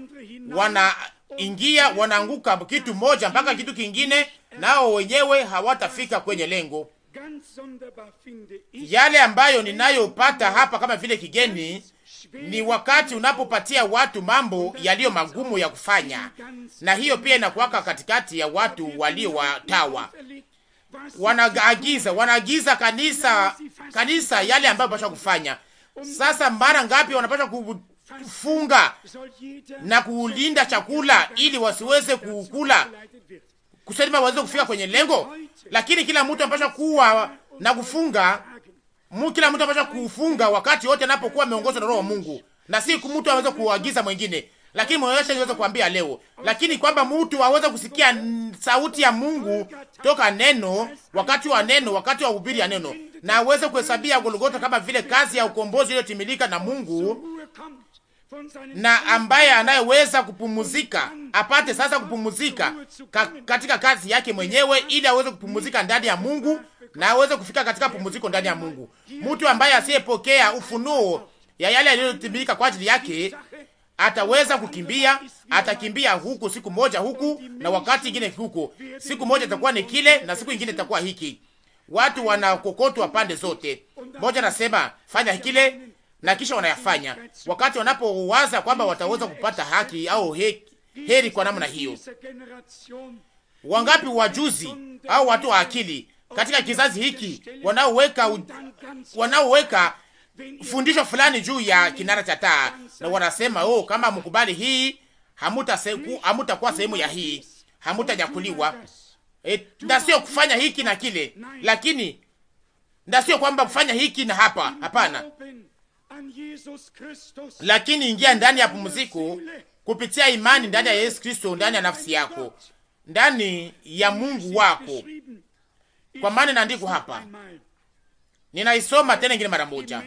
wana ingia wanaanguka kitu moja mpaka kitu kingine, nao wenyewe hawatafika kwenye lengo. Yale ambayo ninayopata hapa kama vile kigeni ni wakati unapopatia watu mambo yaliyo magumu ya kufanya, na hiyo pia inakuwaka katikati ya watu walio watawa, wanaagiza wanaagiza kanisa kanisa yale ambayo wanapaswa kufanya. Sasa mara ngapi wanapaswa kufunga na kulinda chakula ili wasiweze kukula kusema waweze kufika kwenye lengo. Lakini kila mtu anapaswa kuwa na kufunga mu, kila mtu anapaswa kufunga wakati wote anapokuwa ameongozwa na Roho wa Mungu, na si mtu aweze kuagiza mwingine, lakini mwaweza niweze kuambia leo, lakini kwamba mtu aweze kusikia sauti ya Mungu toka neno, wakati wa neno, wakati wa uhubiri ya neno, na aweze kuhesabia Golgota kama vile kazi ya ukombozi iliyotimilika na Mungu na ambaye anayeweza kupumuzika apate sasa kupumuzika ka, katika kazi yake mwenyewe, ili aweze kupumuzika ndani ya Mungu na aweze kufika katika pumuziko ndani ya Mungu. Mtu ambaye asiyepokea ufunuo ya yale yaliyotimilika kwa ajili yake ataweza kukimbia, atakimbia huku siku moja huku na wakati ingine huku, siku moja itakuwa ni kile na siku ingine itakuwa hiki. Watu wanakokotwa pande zote, moja nasema fanya kile na kisha wanayafanya wakati wanapowaza kwamba wataweza kupata haki au he, heri kwa namna hiyo. Wangapi wajuzi au watu wa akili katika kizazi hiki wanaoweka wanaoweka fundisho fulani juu ya kinara cha taa na wanasema oh, kama mkubali hii hamutakuwa hamuta sehemu ya hii, hamutajakuliwa e, na sio kufanya hiki na kile, lakini na sio kwamba kufanya hiki na hapa, hapana lakini ingia ndani ya pumziko kupitia imani ndani ya Yesu Kristo, ndani ya nafsi yako, ndani ya Mungu wako, kwa maana inaandikwa hapa. Ninaisoma tena ingine mara moja.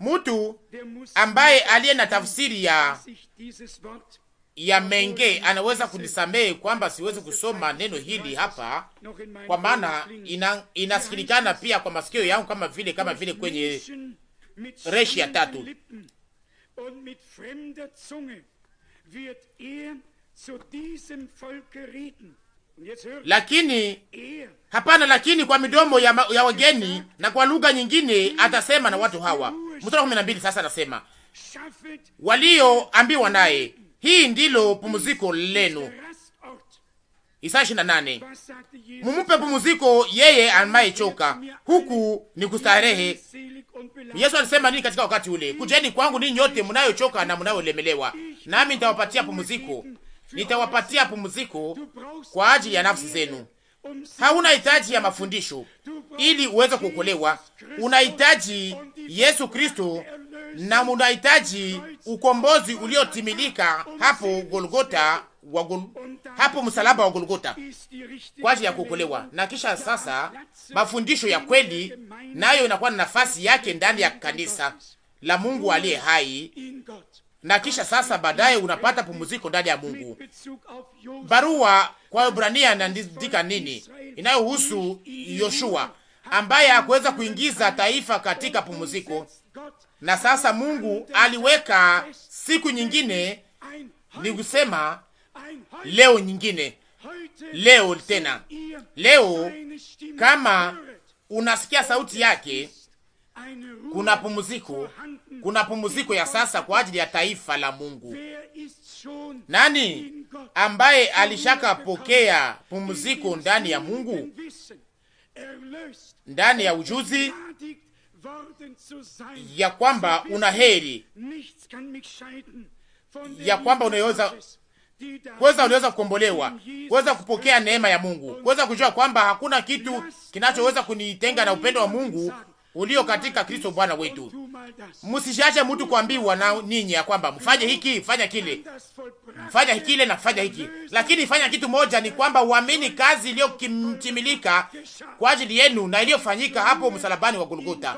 Mtu ambaye aliye na tafsiri ya ya Menge anaweza kunisamehe kwamba siwezi kusoma neno hili hapa, kwa maana ina, inasikilikana pia kwa masikio yangu kama vile kama vile kwenye reshi ya tatu. Er lakini er hapana, lakini kwa midomo ya, ya wageni na kwa lugha nyingine atasema na watu hawa. Mstari wa 12 sasa anasema walioambiwa naye, hii ndilo pumziko lenu. Isaya nane Mumupe pumziko yeye choka, huku ni kustarehe Yesu alisema nini katika wakati ule? Kujeni kwangu ninyi nyote mnayochoka na mnayolemelewa, nami nitawapatia pumziko. Nitawapatia pumziko kwa ajili ya nafsi zenu. Hauna hitaji ya mafundisho ili uweze kuokolewa. Unahitaji Yesu Kristo na unahitaji ukombozi uliotimilika hapo Golgota wagul, hapo msalaba wa Golgota kwa ajili ya kuokolewa. Na kisha sasa mafundisho ya kweli nayo inakuwa na nafasi yake ndani ya kanisa la Mungu aliye hai, na kisha sasa baadaye unapata pumziko ndani ya Mungu. Barua kwa Ibrania inaandika nini inayohusu Yoshua ambaye hakuweza kuingiza taifa katika pumziko, na sasa Mungu aliweka siku nyingine, ni kusema leo nyingine, leo tena, leo kama unasikia sauti yake, kuna pumziko, kuna pumziko ya sasa kwa ajili ya taifa la Mungu. Nani ambaye alishakapokea pumziko ndani ya Mungu, ndani ya ujuzi ya kwamba una heri, ya kwamba unaweza kuweza uliweza kukombolewa, kuweza kupokea neema ya Mungu, kuweza kujua kwamba hakuna kitu kinachoweza kunitenga na upendo wa Mungu ulio katika Kristo Bwana wetu. Msishache mtu kuambiwa na ninyi ya kwamba mfanye hiki, fanya kile, fanya kile na fanya hiki, lakini fanya kitu moja, ni kwamba uamini kazi iliyokimtimilika kwa ajili yenu na iliyofanyika hapo msalabani wa Golgotha.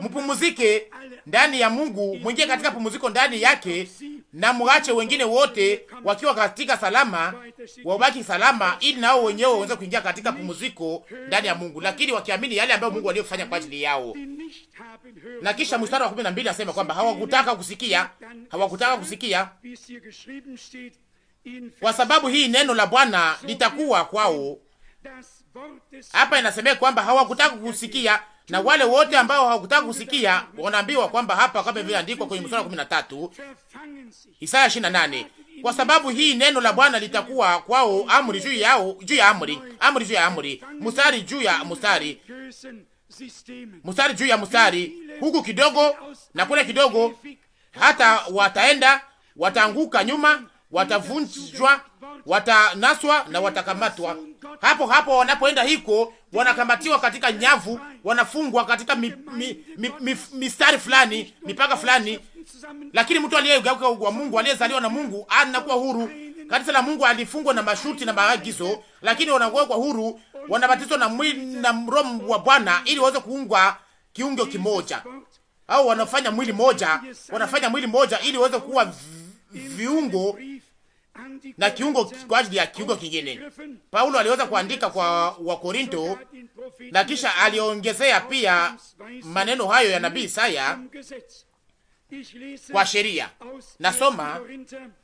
Mpumuzike ndani ya Mungu, mwingie katika pumuziko ndani yake, na muache wengine wote wakiwa katika salama, wabaki salama, ili nao wenyewe waweze kuingia katika pumuziko ndani ya Mungu, lakini wakiamini yale ambayo Mungu aliyofanya kwa ajili yao. Na kisha mstari wa 12 anasema kwamba hawakutaka kusikia, hawakutaka kusikia, kwa sababu hii neno la Bwana litakuwa kwao. Hapa inasemea kwamba hawakutaka kusikia na wale wote ambao hawakutaka kusikia wanaambiwa kwamba hapa, kama andikwa kwenye mstari wa 13 Isaya 28, kwa sababu hii neno la Bwana litakuwa kwao amri juu yao, juu ya amri, amri juu ya amri, mstari juu ya mstari, mstari juu ya mstari, huku kidogo na kule kidogo, hata wataenda wataanguka nyuma watavunjwa, watanaswa na watakamatwa. Hapo hapo wanapoenda hiko, wanakamatiwa katika nyavu, wanafungwa katika mi, mi, mi, mi, mistari fulani, mipaka fulani. Lakini mtu aliyegeuka kwa Mungu, aliyezaliwa na Mungu, anakuwa huru. Kanisa la Mungu alifungwa na mashuti na maagizo, lakini wanakuwa huru, wanabatizwa na mwili na Roho wa Bwana ili waweze kuungwa kiungo kimoja, au wanafanya mwili moja, wanafanya mwili moja ili waweze kuwa viungo na kiungo kwa ajili ya kiungo kingine. Paulo aliweza kuandika kwa Wakorinto na kisha aliongezea pia maneno hayo ya nabii Isaya kwa sheria. Nasoma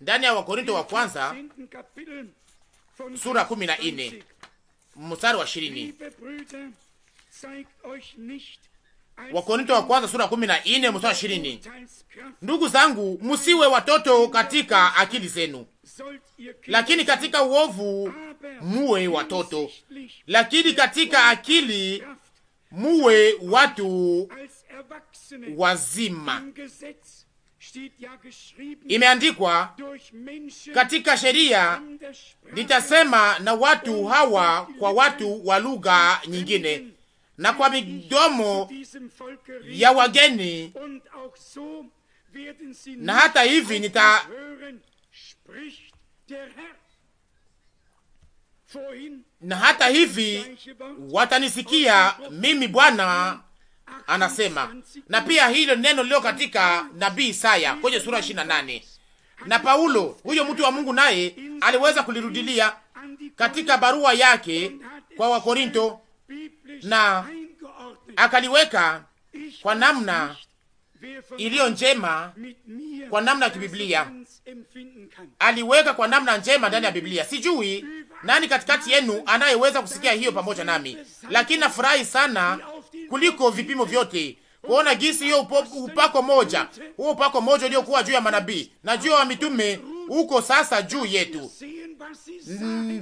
ndani ya Wakorinto wa kwanza sura kumi na nne mstari wa ishirini. Wakorinto wa kwanza sura 14 mstari 20. Ndugu zangu, msiwe watoto katika akili zenu, lakini katika uovu muwe watoto, lakini katika akili muwe watu wazima. Imeandikwa katika sheria, nitasema na watu hawa kwa watu wa lugha nyingine na kwa midomo ya wageni, na hata hivi nita na hata hivi watanisikia mimi, Bwana anasema. Na pia hilo neno lilo katika nabii Isaya kwenye sura 28 na Paulo huyo mtu wa Mungu naye aliweza kulirudilia katika barua yake kwa Wakorinto na akaliweka kwa namna iliyo njema, kwa namna ya kibiblia aliweka kwa namna njema ndani ya Biblia. Sijui nani katikati yenu anayeweza kusikia hiyo pamoja nami, lakini nafurahi sana kuliko vipimo vyote kuona gisi hiyo upako moja, huo upako moja uliokuwa juu ya manabii na juu ya mitume huko sasa juu yetu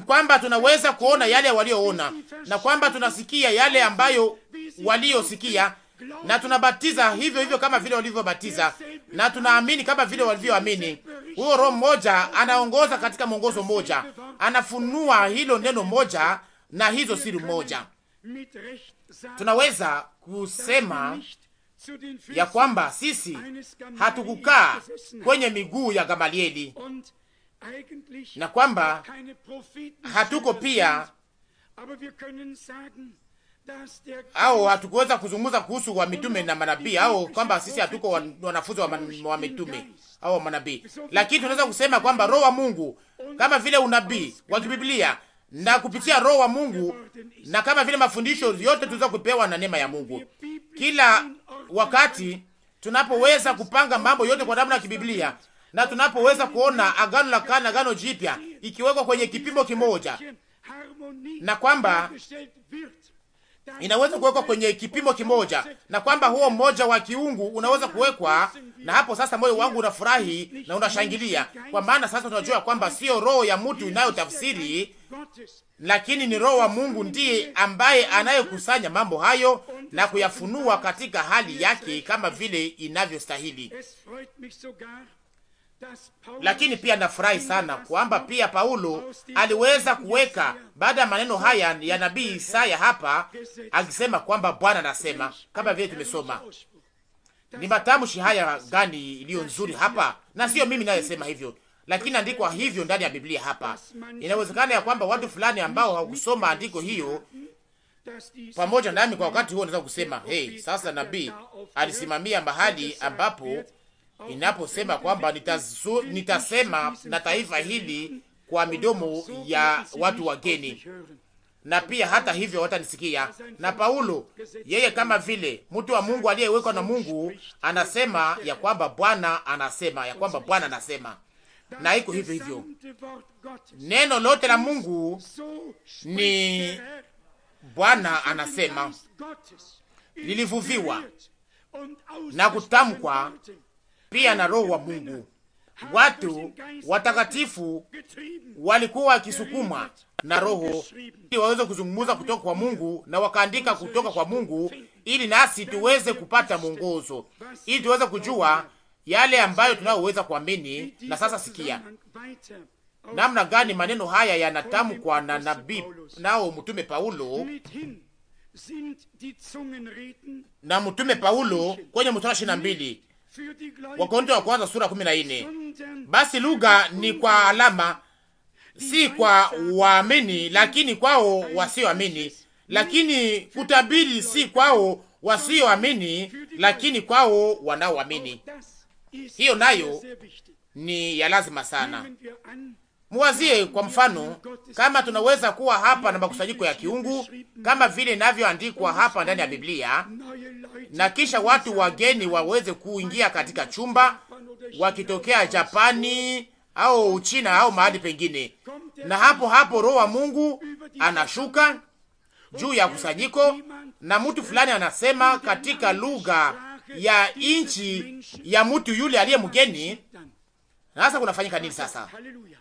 kwamba tunaweza kuona yale walioona na kwamba tunasikia yale ambayo waliosikia na tunabatiza hivyo hivyo kama vile walivyobatiza na tunaamini kama vile walivyoamini. Huyo roho mmoja anaongoza katika mwongozo mmoja, anafunua hilo neno moja na hizo siri moja. Tunaweza kusema ya kwamba sisi hatukukaa kwenye miguu ya Gamalieli na kwamba hatuko pia au hatukuweza kuzungumza kuhusu wa mitume na manabii au kwamba sisi hatuko wanafunzi wa, wa mitume au wa manabii, lakini tunaweza kusema kwamba roho wa Mungu kama vile unabii wa kibiblia na kupitia roho wa Mungu na kama vile mafundisho yote tunaweza kupewa na neema ya Mungu. Kila wakati tunapoweza kupanga mambo yote kwa namna ya kibiblia, na tunapoweza kuona agano la kale na agano jipya ikiwekwa kwenye kipimo kimoja, na kwamba inaweza kuwekwa kwenye kipimo kimoja, na kwamba huo mmoja wa kiungu unaweza kuwekwa, na hapo sasa moyo wangu unafurahi na unashangilia, kwa maana sasa tunajua kwamba sio roho ya mtu inayotafsiri, lakini ni roho wa Mungu ndiye ambaye anayekusanya mambo hayo na kuyafunua katika hali yake kama vile inavyostahili. Lakini pia nafurahi sana kwamba pia Paulo aliweza kuweka baada ya maneno haya ya nabii Isaya hapa akisema kwamba Bwana anasema, kama vile tumesoma. Ni matamshi haya gani iliyo nzuri hapa, na sio mimi nayesema hivyo lakini andikwa hivyo ndani ya Biblia hapa. Inawezekana ya kwamba watu fulani ambao hawakusoma andiko hiyo pamoja nami kwa wakati huo, naweza kusema hey, sasa nabii alisimamia mahali ambapo inaposema kwamba nitasu, nitasema na taifa hili kwa midomo ya watu wageni na pia hata hivyo watanisikia. Na Paulo yeye kama vile mtu wa Mungu aliyewekwa na Mungu anasema ya kwamba Bwana anasema ya kwamba Bwana anasema, na iko hivyo hivyo. Neno lote la Mungu ni Bwana anasema, lilivuviwa na kutamkwa pia na Roho wa Mungu. Watu watakatifu walikuwa wakisukumwa na Roho ili waweze kuzungumza kutoka kwa Mungu na wakaandika kutoka kwa Mungu, ili nasi tuweze kupata mwongozo, ili tuweze kujua yale ambayo tunayoweza kuamini. Na sasa sikia namna gani maneno haya yanatamkwa na nabii nao mtume Paulo na mtume Paulo kwenye mstari ishirini na mbili Wakorintho wa kwanza sura kumi na nne. Basi lugha ni kwa alama, si kwa waamini, lakini kwao wasioamini, lakini kutabiri si kwao wasioamini, lakini kwao wanaoamini. Hiyo nayo ni ya lazima sana Muwazie kwa mfano, kama tunaweza kuwa hapa na makusanyiko ya kiungu kama vile inavyoandikwa hapa ndani ya Biblia, na kisha watu wageni waweze kuingia katika chumba wakitokea Japani au Uchina au mahali pengine, na hapo hapo Roho wa Mungu anashuka juu ya kusanyiko, na mtu fulani anasema katika lugha ya nchi ya mtu yule aliye mgeni na sasa kunafanyika nini sasa?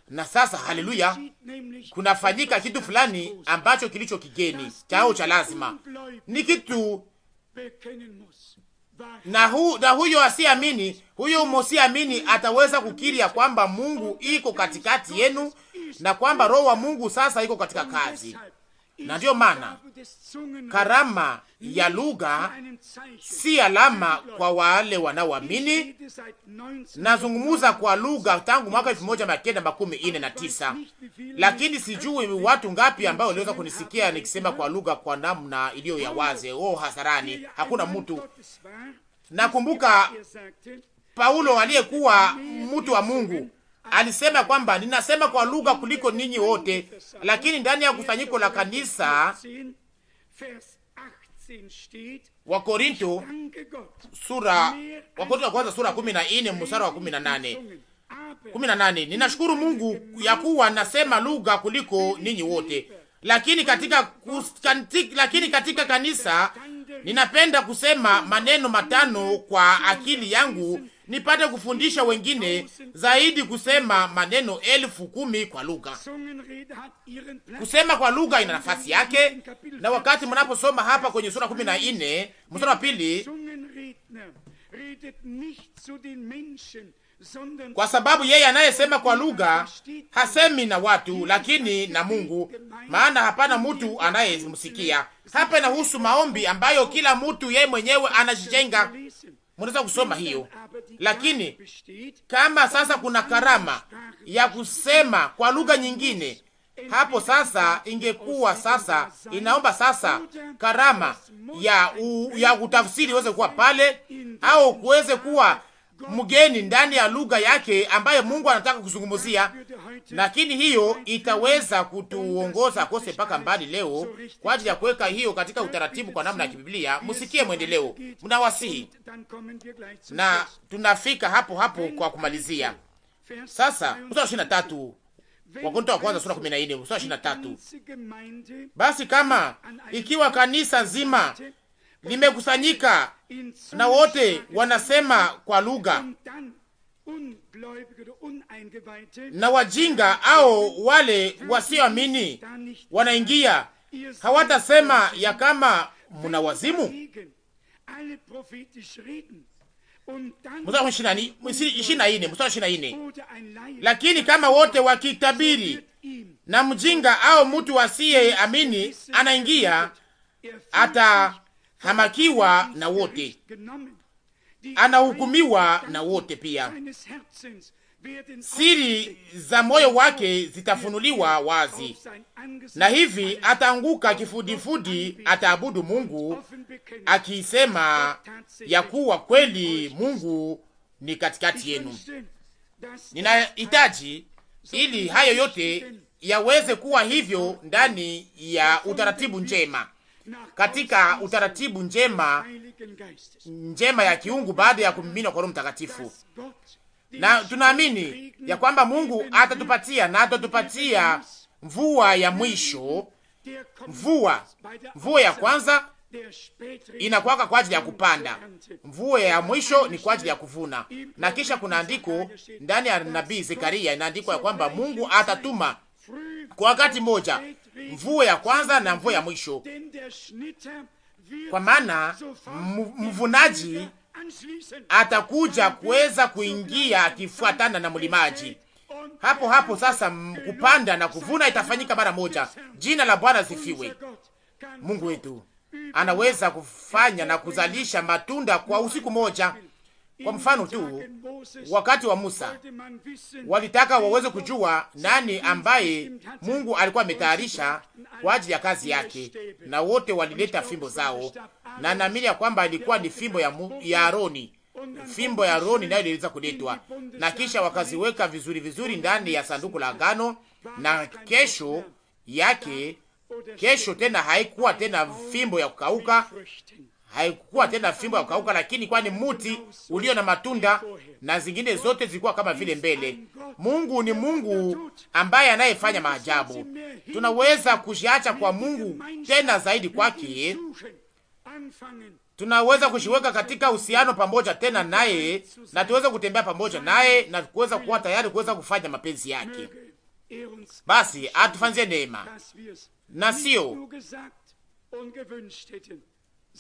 Na sasa haleluya, kunafanyika kitu fulani ambacho kilicho kigeni chao cha lazima, ni kitu na, hu, na huyo asiamini, huyo msiamini ataweza kukiri ya kwamba Mungu iko katikati yenu na kwamba roho wa Mungu sasa iko katika kazi na ndiyo maana karama ya lugha si alama kwa wale wanaoamini. Nazungumuza kwa lugha tangu mwaka elfu moja mia kenda makumi ine na tisa, lakini sijui watu ngapi ambao waliweza kunisikia nikisema kwa lugha kwa namna iliyo ya wazi o oh, hasarani. Hakuna mtu. Nakumbuka Paulo aliyekuwa mtu wa Mungu alisema kwamba ninasema kwa lugha kuliko ninyi wote, lakini ndani ya kusanyiko la kanisa wa Korinto sura wa Korinto kwanza sura 14 mstari wa 18 18, ninashukuru Mungu ya kuwa nasema lugha kuliko ninyi wote, lakini katika kus, kantik, lakini katika kanisa ninapenda kusema maneno matano kwa akili yangu nipate kufundisha wengine zaidi, kusema maneno elfu kumi kwa lugha. Kusema kwa lugha ina nafasi yake, na wakati mnaposoma hapa kwenye sura kumi na nne mstari wa pili kwa sababu yeye anayesema kwa lugha hasemi na watu, lakini na Mungu, maana hapana mtu anayemsikia. Hapa inahusu maombi ambayo kila mtu yeye mwenyewe anajijenga munaweza kusoma hiyo, lakini kama sasa kuna karama ya kusema kwa lugha nyingine, hapo sasa ingekuwa sasa inaomba sasa karama ya u, ya kutafsiri iweze kuwa pale au kuweze kuwa mgeni ndani ya lugha yake ambayo Mungu anataka kuzungumzia, lakini hiyo itaweza kutuongoza kose mpaka mbali leo kwa ajili ya kuweka hiyo katika utaratibu kwa namna ya kibiblia. Msikie mwendeleo, mnawasihi na tunafika hapo hapo kwa kumalizia. Sasa mstari ishirini na tatu Wakorintho wa kwanza sura 14 mstari tatu basi kama ikiwa kanisa nzima limekusanyika na wote wanasema kwa lugha na wajinga au wale wasioamini wanaingia, hawatasema ya kama muna wazimu. Lakini kama wote wakitabiri na mjinga au mtu asiyeamini anaingia, atahamakiwa na wote anahukumiwa na wote pia. Siri za moyo wake zitafunuliwa wazi, na hivi ataanguka kifudifudi, ataabudu Mungu akisema ya kuwa kweli Mungu ni katikati yenu. Ninahitaji ili hayo yote yaweze kuwa hivyo ndani ya utaratibu njema katika utaratibu njema njema ya kiungu baada ya kumiminwa kwa Roho Mtakatifu, na tunaamini ya kwamba Mungu atatupatia na atatupatia mvua ya mwisho. Mvua mvua ya kwanza inakwaka kwa ajili ya kupanda, mvua ya mwisho ni kwa ajili ya kuvuna. Na kisha kuna andiko ndani ya nabii Zekaria inaandikwa ya kwamba Mungu atatuma kwa wakati mmoja mvua ya kwanza na mvua ya mwisho, kwa maana mvunaji atakuja kuweza kuingia akifuatana na mlimaji. Hapo hapo sasa, kupanda na kuvuna itafanyika mara moja. Jina la Bwana sifiwe. Mungu wetu anaweza kufanya na kuzalisha matunda kwa usiku moja, kwa mfano tu, wakati wa Musa walitaka waweze kujua nani ambaye Mungu alikuwa ametayarisha kwa ajili ya kazi yake, na wote walileta fimbo zao, na naamini ya kwamba ilikuwa ni fimbo ya, ya Aroni, fimbo ya Aroni nayo iliweza kuletwa, na kisha wakaziweka vizuri vizuri ndani ya sanduku la agano, na kesho yake, kesho tena haikuwa tena fimbo ya kukauka haikuwa tena fimbo ya kukauka, lakini kwani muti ulio na matunda, na zingine zote zilikuwa kama vile mbele. Mungu ni Mungu ambaye anayefanya maajabu. Tunaweza kujiacha kwa Mungu tena zaidi kwake, tunaweza kushiweka katika uhusiano pamoja tena naye, na tuweze kutembea pamoja naye na kuweza kuwa tayari kuweza kufanya mapenzi yake. Basi atufanzie neema na sio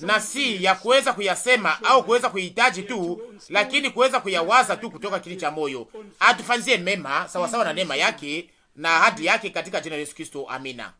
na si ya kuweza kuyasema au kuweza kuihitaji tu, lakini kuweza kuyawaza tu kutoka kile cha moyo. Atufanzie mema sawasawa na neema yake na hadi yake katika jina la Yesu Kristo, amina.